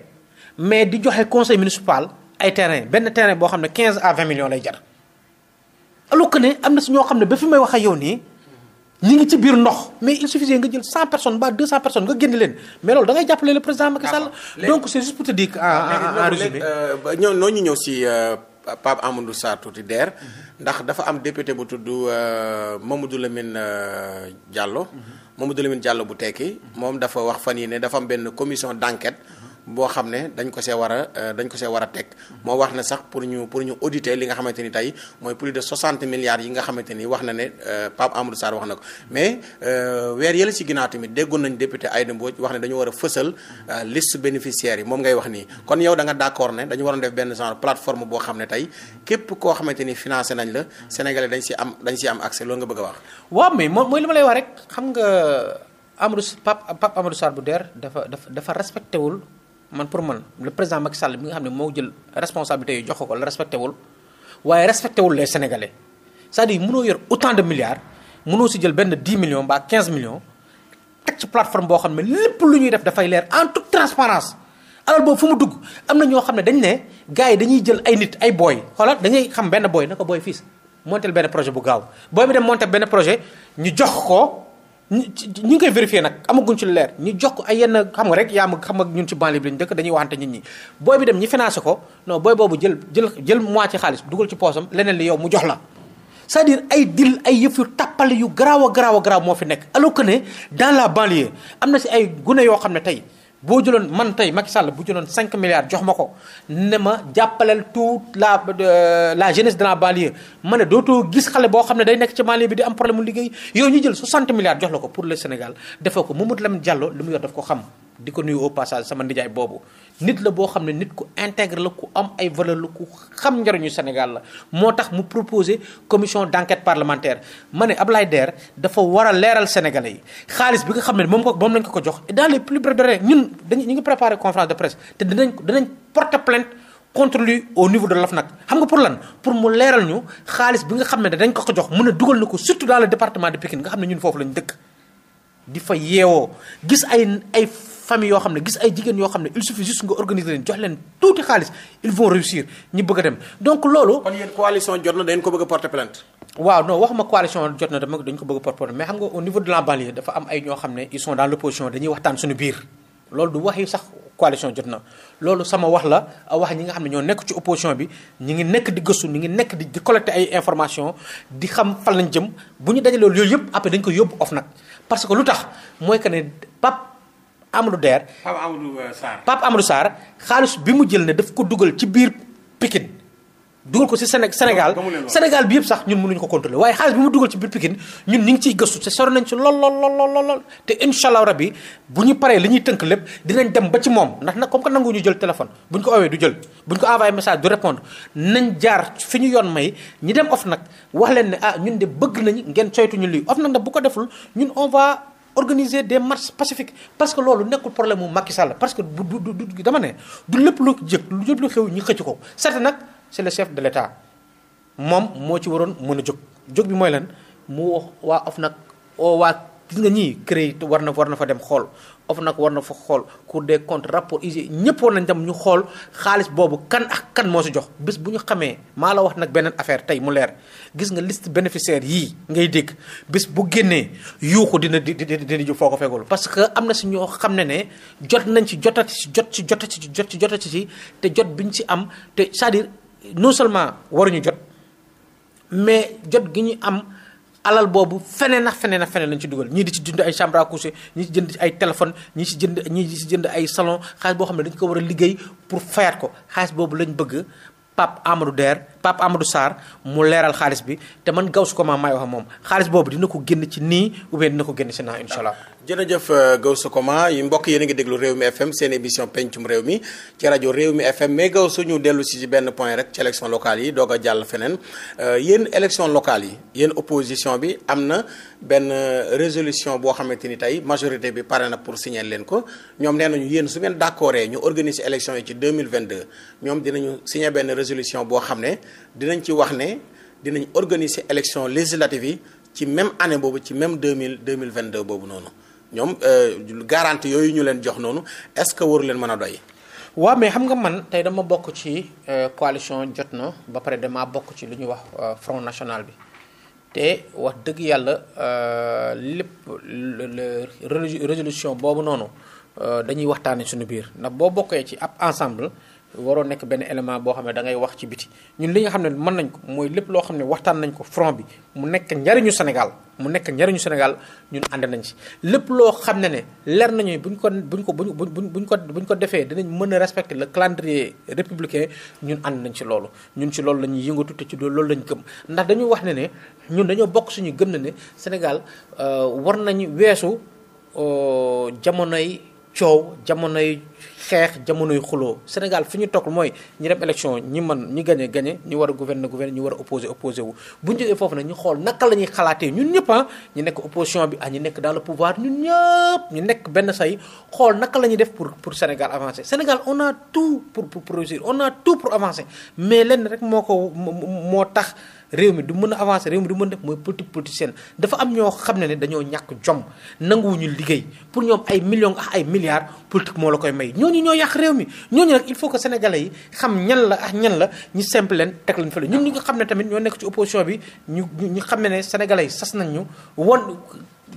mais di joxe conseil municipal ay terrain benn terrain boo xam ne quinze à 20 millions lay jar. alors que ne am na si ñoo xam ne ba fi may wax ak yow nii ñi ngi ci biir ndox mais il suffisait nga jël 100 personnes ba 200 personnes nga génn leen mais loolu da ngay jàppale le président Macky Sall. donc c' juste pour te euh, ñu ñëw si. Euh, Pape Amadou Sarr tuuti DER. ndax dafa am député bu mu dula tudd euh, euh, mhm. Mamadou Lamine Diallo. Mamadou Lamine jàllo bu tekki. Mhm. moom dafa wax fan yi ne dafa am benn commission d' enquête. boo xam ne dañ ko see war a euh, dañ ko see war a teg moo wax ne sax pour ñu pour ñu auditer li nga xamante ni tey mooy plus de 60 milliards yi nga xamante ni wax na ne euh, Pape Amadou Sarr wax na ko mais euh, weer yële si ginnaaw tamit déggoon nañ député Aïda Mbodj wax ne dañu war a fësal liste bénéficiaires yi moom ngay wax nii kon yow danga nga d'accord ne dañu waroon def benn genre plateforme boo xam ne tey képp koo xamante ni financé nañ la Sénégalais dañ si am dañ si am accès loolu bëgg a wax waaw mais mooy li ma lay wax rek xam nga Amadou Pape Pape Amadou Sarr bu deer dafa dafa dafa respecté wul man pour man le président Macky Sall bi nga xam ne moo jël responsabilité yi jox ko la respecté wul waaye respecté wul les sénégalais c'est-à-dire mënoo yor autant de milliards mënoo si jël benn 10 millions mbaa 15 millions teg ci plateforme boo xam ne lépp lu ñuy def dafay leer en toute transparence alal boobu fu mu dugg am na ñoo xam ne dañ ne gars yi dañuy jël ay nit ay booy xoolal da xam benn booy na ko booy fiis montel benn projet bu gaaw booy bi dem monté benn projet ñu jox ko ñu ñu ngi koy vérifier nag amaguñ ci lu leer ñu jox ko ay yenn xam nga rek yaa ma xam ak ñun ci banlieue bi lañ dëkk dañuy waxante nit ñi booy bi dem ñi financé ko no booy boobu jël jël jël moitié xaalis dugal ci poosam leneen li yow mu jox la cest à ay dil ay yëf yu tàppale yu garaaw a garaaw a moo fi nekk alors ne dans la banlieue am na si ay gune yoo xam ne tey boo jëloon man tey Macky Sall bu jëloon 5 milliards jox ma ko ne ma jàppaleel toute la euh, la jeunesse de la banlieue ma ne dootoo gis xale boo xam ne day nekk ci banlieue bi di am problème liggéey yow ñu jël 60 milliards jox la ko pour le Sénégal defoo ko Mamadou Lamine Diallo lu mu yor daf ko xam di ko nuyu au passage sama nijaay boobu. nit la boo xam ne nit ku intègre la ku am ay valeur la ku xam njariñu Sénégal la moo tax mu proposé commission d' enquête parlementaire ma ne Ablaye Der dafa war a leeral sénégalais yi xaalis bi nga xam ne moom ko moom lañ ko ko jox et dans les plus brefs délais ñun dañu ñu ngi préparé conférence de presse te dinañ dinañ porter plainte contre lui au niveau de nag xam nga pour lan pour mu leeral ñu xaalis bi nga xam ne dañ ko ko jox mën a dugal na ko surtout dans département de Pikine nga xam ne ñun di fa yeewoo gis ay ay. famille yoo xam ne gis ay jigéen yoo xam ne il suffit juste nga organiser leen jox leen tuuti xaalis ils vont réussir ñi bëgg a dem donc loolu. kon yéen coalition jot na dañ ko bëgg a porter plainte. waaw non waxuma coalition jot na nga au niveau de la banlieue dafa am ay ñoo xam ne ils sont dans l'opposition dañuy waxtaan suñu biir loolu du ngi nekk di gëstu ñi ngi nekk di di ay information di xam fan lañ jëm bu ñu dajalee yooyu yëpp après dañ ko yóbbu Amadou Der. Pape Amadou euh, Sarr. Pape Amadou Sarr xaalis bi mu jël ne daf ko dugal ci biir Pikine dugal ko ci Sénégal Sénégal bi yëpp sax ñun mënuñu ko contrôler waaye xaalis bi mu dugal ci biir Pikine ñun ñu ngi ciy gëstu te sori nañ ci lool lool lool lool lool te incha allah bu ñu paree li ñuy tënk lépp dinañ dem ba ci moom ndax nag comme que nangu ñu jël téléphone buñ ko owee du jël buñ ko envoyé message du répondre nañ jaar fi ñu yoon may ñi dem of nag wax leen ne ah ñun de bëgg nañ ngeen soytuñu lii of nag bu ko deful ñun on organiser des marches pacifiques parce que loolu nekkul problème mu Macky Sall parce que bu du du dama ne du lépp lu jëkk lu lépp lu xew ñu xëcc ko certes nag c'est le chef de l'État moom moo ci waroon mën a jóg jóg bi mooy lan mu waa waa nag oo oh, waa gis nga ñii CREI war na war na fa dem xool nag war na fa xool Cour de comptes rapport IG ñëpp war nañ tam ñu xool xaalis boobu kan ak kan moo si jox bés bu ñu xamee maa la wax nag beneen affaire tey mu leer gis nga liste bénéficiaire yii ngay dégg bés bu génnee yuuxu dina di dina ju foo ko fegul parce que am na si ñoo xam ne ne jot nañ ci jotati ci jot ci jotati ci jot ci jotati ci te jot bi ñu si am te c'est-à-dire non seulement waruñu jot mais jot gi ñu am alal boobu feneen ak feneen ak feneen lañ ci dugal ñii di ci jënd ay chambre à coucher ñii ci jënd ay téléphone ñii ci jënd ñii di ci jënd ay salon xaalis boo xam ne dañ ko war a liggéey pour fayaat ko xaalis boobu lañ bëgg papp Amadou Der Pape Amadou Sarr mu leeral xaalis bi te man gaw su Gaoussou Koma maay wax moom xaalis boobu dina ko génn ci nii ou dina ko génn si naa incha allah. jërëjëf euh, Gaoussou Koma yi mbokk yéen a ngi déglu réew mi FM seen émission pencum réew mi ci rajo réew mi FM mais Gaoussou ñu dellu si ci benn point rek ci élection locale yi doog a jàll feneen euh, yéen élection locale yi yéen opposition bi am na benn euh, résolution boo xamante ni tey majorité bi pare na pour signer leen ko ñoom nee nañu yéen su ngeen d' ñu organiser élection yi ci 2022 ñoom dinañu signer benn résolution boo xam ne dinañ ci wax ne dinañ organiser élection législative yi ci même année boobu ci même deux mille deux mille vingt deux boobu noonu ñoom euh, garantie yooyu ñu leen jox noonu est-ce que waru leen mën a doy. waa mais xam nga man tey dama bokk ci euh, coalition jot na ba pare damaa bokk ci lu ñuy wax euh, front national bi te wax dëgg yàlla lépp résolution boobu noonu dañuy waxtaanee suñu biir ndax boo bokkee ci ab ensemble. waroo nekk benn élément boo xam ne da ngay wax ci biti ñun li nga xam ne mën nañ ko mooy lépp loo xam ne waxtaan nañ ko front bi mu nekk njariñu Sénégal mu nekk njariñu Sénégal ñun ànd nañ ci lépp loo xam ne ne leer nañu buñ ko buñ ko buñ buñ buñ ko buñ ko defee dinañ mën a respecter le calendrier républicain ñun ànd nañ ci loolu ñun ci loolu la ñuy yëngatu te ci loolu lañ gëm ndax dañu wax ne ne ñun dañoo bokk suñu gëm na ne Sénégal euh, war nañu weesu euh, jamonoy coow jamonoy xeex jamonoy xuloo Sénégal fi ñu toog mooy ñi dem élection ñi man ñi gagné gagné ñu war a gouverner gouverner ñu war a opposé opposé wu bu ñu jógee foofu nag ñu xool naka la ñuy xalaatee ñun ñëpp ah, ñu nekk opposition bi ah ñu nekk daal le pouvoir ñun ñëpp ñu nekk benn say xool naka la ñuy def pour pour Sénégal avancé Sénégal on a tout pour pour réussir on a tout pour avancé mais lenn rek moo ko moo tax réew mi du mun a avancer réew mi du mën a def mooy politique politicienne dafa am ñoo xam ne ne dañoo ñàkk jom nanguwuñu liggéey pour ñoom ay million ak ay milliards politique moo la koy may ñooñu ñoo yàq réew mi ñooñu nag il faut que sénégalais yi xam ñan la ak ñan la ñu simple leen teg leen fële ñun ñi nga xam ne tamit ñoo nekk ci opposition bi ñu ñu xam ne ne sénégalais yi sas nañ ñu won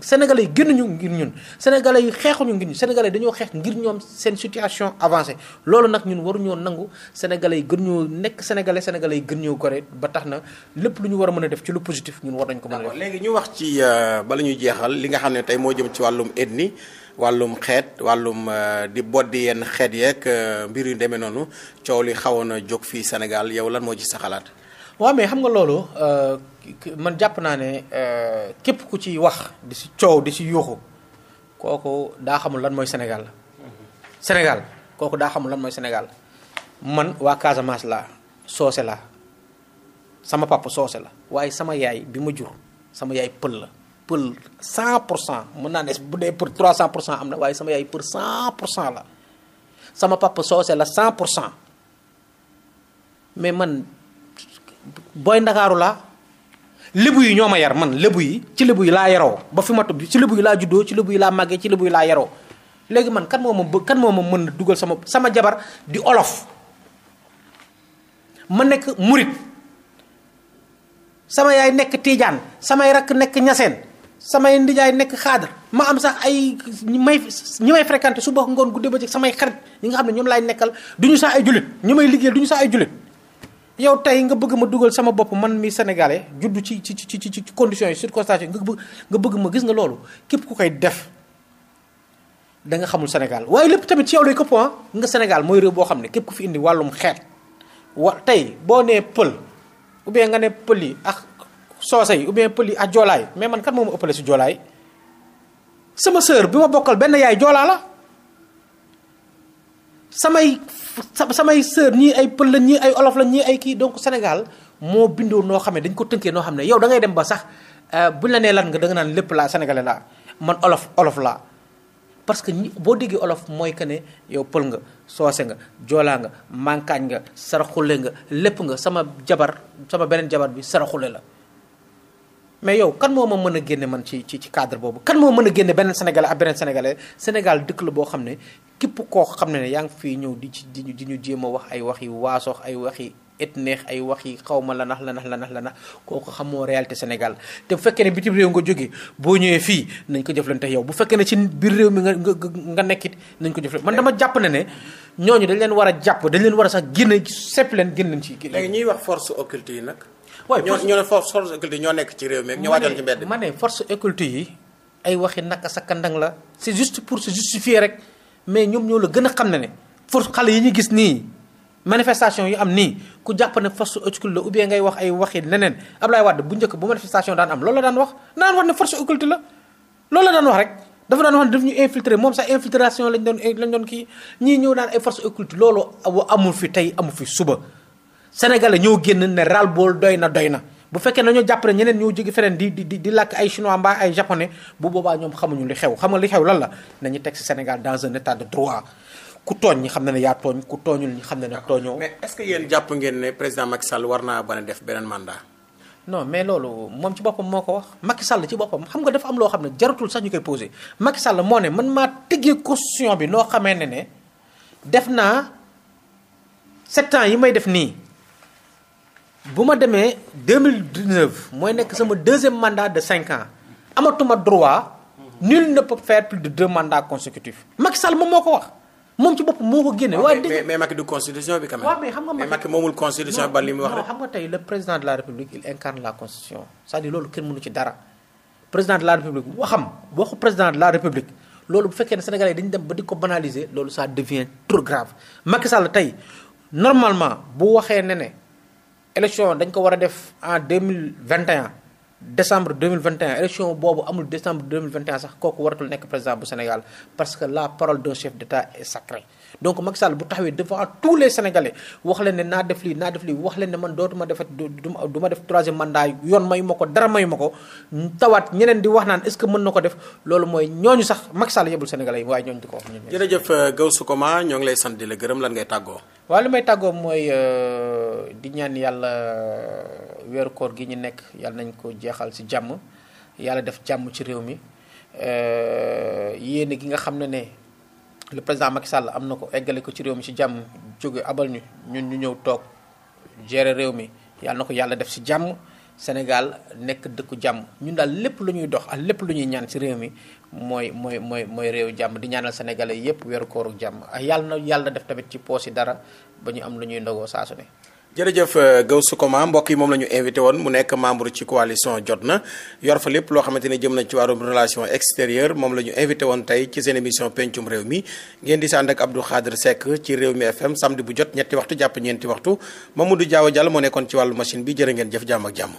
sénégalais yi génnuñu ngir ñun sénégalais yi xeexuñu ngir ñun sénégalais dañoo xeex ngir ñoom seen situation avancé loolu nag ñun waruñoo nangu sénégalais yi gën ñoo nekk sénégalais sénégalais yi gën ñoo gore ba tax na lépp lu ñu war a mën a def ci lu positif ñun war nañ ko mën a def léegi ñu wax ci euh, bala ñuy jeexal li nga xam ne tey moo jëm ci wàllum ethnie wàllum xeet wàllum euh, di boddi yenn xeet yeeg euh, mbir yu demee noonu coow li xawoon a jóg fii Sénégal yow lan moo ji sa xalaat waaw amee xam nga loolu euh, man jàpp naa ne euh, képp ku ci wax di si coow di si yuuxu kooku daa xamul lan mooy Sénégal Sénégal kooku daa xamul lan mooy Sénégal man waa Casamance laa soose la sama papa soose la waaye sama yaay bi ma jur sama yaay pël la pël 100 pour cent mën naa ne bu dee pour 300 pour cent am na waaye sama yaay pël 100 pour cent la sama papa soose la 100 pour cent mais man. booy ndakaaru laa lébu yi ñoo ma yar man lébu yi ci lébu yi laa yaroo ba fi ma toog ci lébu yi laa juddoo ci lébu yi laa màggee ci lébu yi laa yaroo léegi man kat moo ma kan moo ma mën na dugal sama sama jabar di olof ma nekk murit sama yaay nekk tiijaan samay rakk nekk ñaseen samay ndijaay nekk xaadar ma am sax ay ñi may ñi may fréquenté suba ngoon gudde ba ci samay xarit ñi nga xam ne ñoom laay nekkal du ñu sax ay jullit ñu may liggéeyal du ñu sax ay jullit yow tey nga bëgg ma dugal sama bopp man mii sénégalais juddu ci ci ci ci ci conditions yi circonstances yi nga bëgg nga bëgg ma gis nga loolu képp ku koy def da nga xamul Sénégal waaye lépp tamit ci yow lay këpp ah. nga Sénégal mooy réew boo xam ne képp ku fi indi wàllum xeet wa tey boo nee pël ou bien nga ne pël yi ak soose yi ou bien pël yi ak joolaay mais man kan moom ma ëppale si joolaay sama sœur bi ma bokkal benn yaay joolaa la samay samay sœur ñii ay pël la ñii ay olof la ñii ay kii donc Sénégal moo bindoo noo xam ne dañ ko tënkee noo xam ne yow dangay dem ba sax euh, buñ la nee lan nga da naan lépp laa sénégalais laa man olof olof laa. parce que boo déggee olof mooy que ne yow pël nga soose nga joolaa nga mankaañ nga saraxule nga lépp nga sama jabar sama beneen jabar bi saraxule la. mais yow kan moo ma mën a génne man ci ci ci cadre boobu kan moo mën a génne beneen sénégalais ak beneen sénégalais Sénégal dëkk la boo xam ne képp koo xam ne ne yaa ngi fii ñëw di ci di ñu jéem a wax ay wax yi waasox ay wax yi et neex ay wax yi xaw ma la nax la nax la nax la nax kooku xamoo réalité Sénégal te bu fekkee ne bitim réew nga jógee boo ñëwee fii nañ ko jëflante yow bu fekkee ne ci biir réew mi nga nga nekkit nañ ko jëflante man dama jàpp ne ne ñooñu dañ leen war a jàpp dañ leen war a sax génne sepp leen génn ci. léegi ñuy wax force occulte yi nag. waaye ñoo ñoo ne force force yi nekk ci réew mi ñoo wàccoon ci mbedd ma ay waxi naka sa kandang la c'est juste pour se justifier rek mais ñoom ñoo la gën a xam ne ne force xale yi ñu gis nii manifestation yu am nii ku jàpp ne force occulte la ou ngay wax ay waxi neneen Ablaye Wade bu njëkk bu manifestation daan am loolu la daan wax daan wax ne force occulte la lool la daan wax rek dafa daan wax ne daf ñu infiltrer moom sax infiltration lañ doon lañ doon kii ñii ñëw daan ay force occulte loolu amul fi tey amul fi suba sénégalais ñoo génn ne ras le doy na doy na bu fekkee dañoo jàpp ne ñeneen ñoo jóge feneen di di di làkk ay chinois mbaa ay japonais bu boobaa ñoom xamuñu li xew xam nga li xew lan la nañu teg si Sénégal dans un état de droit ku tooñ ñi xam ne ne yaa tooñ ku tooñul ñi xam ne ne ah, tooñoo. mais est-ce que yéen jàpp ngeen ne président Macky Sall war naa bañ a def beneen mandat. non mais loolu moom ci boppam moo ko wax Macky Sall ci boppam xam nga dafa am loo xam ne jaratul sax ñu koy posé Macky moo ne man maa tëggee constitution bi noo xamee ne def naa sept yi may def nii. bu ma demee 2019 mooy nekk sama deuxième mandat de cinq ans amatuma droit nul ne peut faire plus de deux mandats consécutifs Macky Sall moom moo ko wax moom ci bopp moo ko génne. waaye mais mais Macky du constitution bi quand même. waaw mais xam nga Macky mais Macky moomul constitution ba li mu wax rek. xam nga tey le président de la république il incarne la constitution c'est-à-dire loolu kenn mënu ci dara président de la république waxam waxu président de la république. loolu bu fekkee ne Sénégalais dañu dem ba di ko banaliser loolu ça devient trop grave Macky Sall tey normalement bu waxee ne ne. élection dañ ko war a def en deux mille vingt et un décembre deux mille vingt et un boobu amul décembre deux mille vingt et un sax kooku waratul nekk président bu Sénégal parce que la parole d'un chef d'État est sacrée. donc Macky Sall bu taxawee devant tous les sénégalais wax leen ne naa def lii naa def lii wax leen ne man dootuma defat du duma def troisième mandat yoon mayu ma ko dara mayu ma ko tawaat ñeneen di wax naan est-ce que mën na ko def loolu mooy ñooñu sax magsal Sall yebul sénégalais yi waaye ñooñu di ko wax. jërëjëf euh, Gaoussou Koma ñoo ngi lay sant la gërëm lan ngay tàggoo. waaw may tàggoo mooy euh, di ñaan yàlla euh, weeru koor gi ñu nekk yàlla nañ ko jeexal ci jàmm yàlla def jàmm ci réew mi yéene gi nga xam ne ne le président Macky Sall am na ko eggale ko ci réew mi ci jàmm jóge abal ñu ñun ñu ñëw toog gérer réew mi yàlla na ko yàlla def ci jàmm Sénégal nekk dëkku jàmm ñun daal lépp lu ñuy dox ak lépp lu ñuy ñaan ci réew mi mooy mooy mooy mooy réew jàmm di ñaanal sénégalais yépp weeru kooru jàmm ak yàlla na yàlla def tamit ci poos yi dara ba ñu am lu ñuy ndogoo saa su ne jërëjëf euh, Gaoussou Koma mbokk yi moom la ñu invité woon mu nekk membre ci coalition Jotna yor fa lépp loo xamante ni jëm nañ ci wàllum relation extérieure moom la ñu invité woon tey ci seen émission pencum réew mi ngeen di sànd ak Abdou Khadre Seck ci réew mi FM samedi bu jot ñetti waxtu jàpp ñeenti waxtu Mamadou Diaw Diallo moo nekkoon ci wàllu machine bi jërë ngeen jëf jàmm ak jàmm.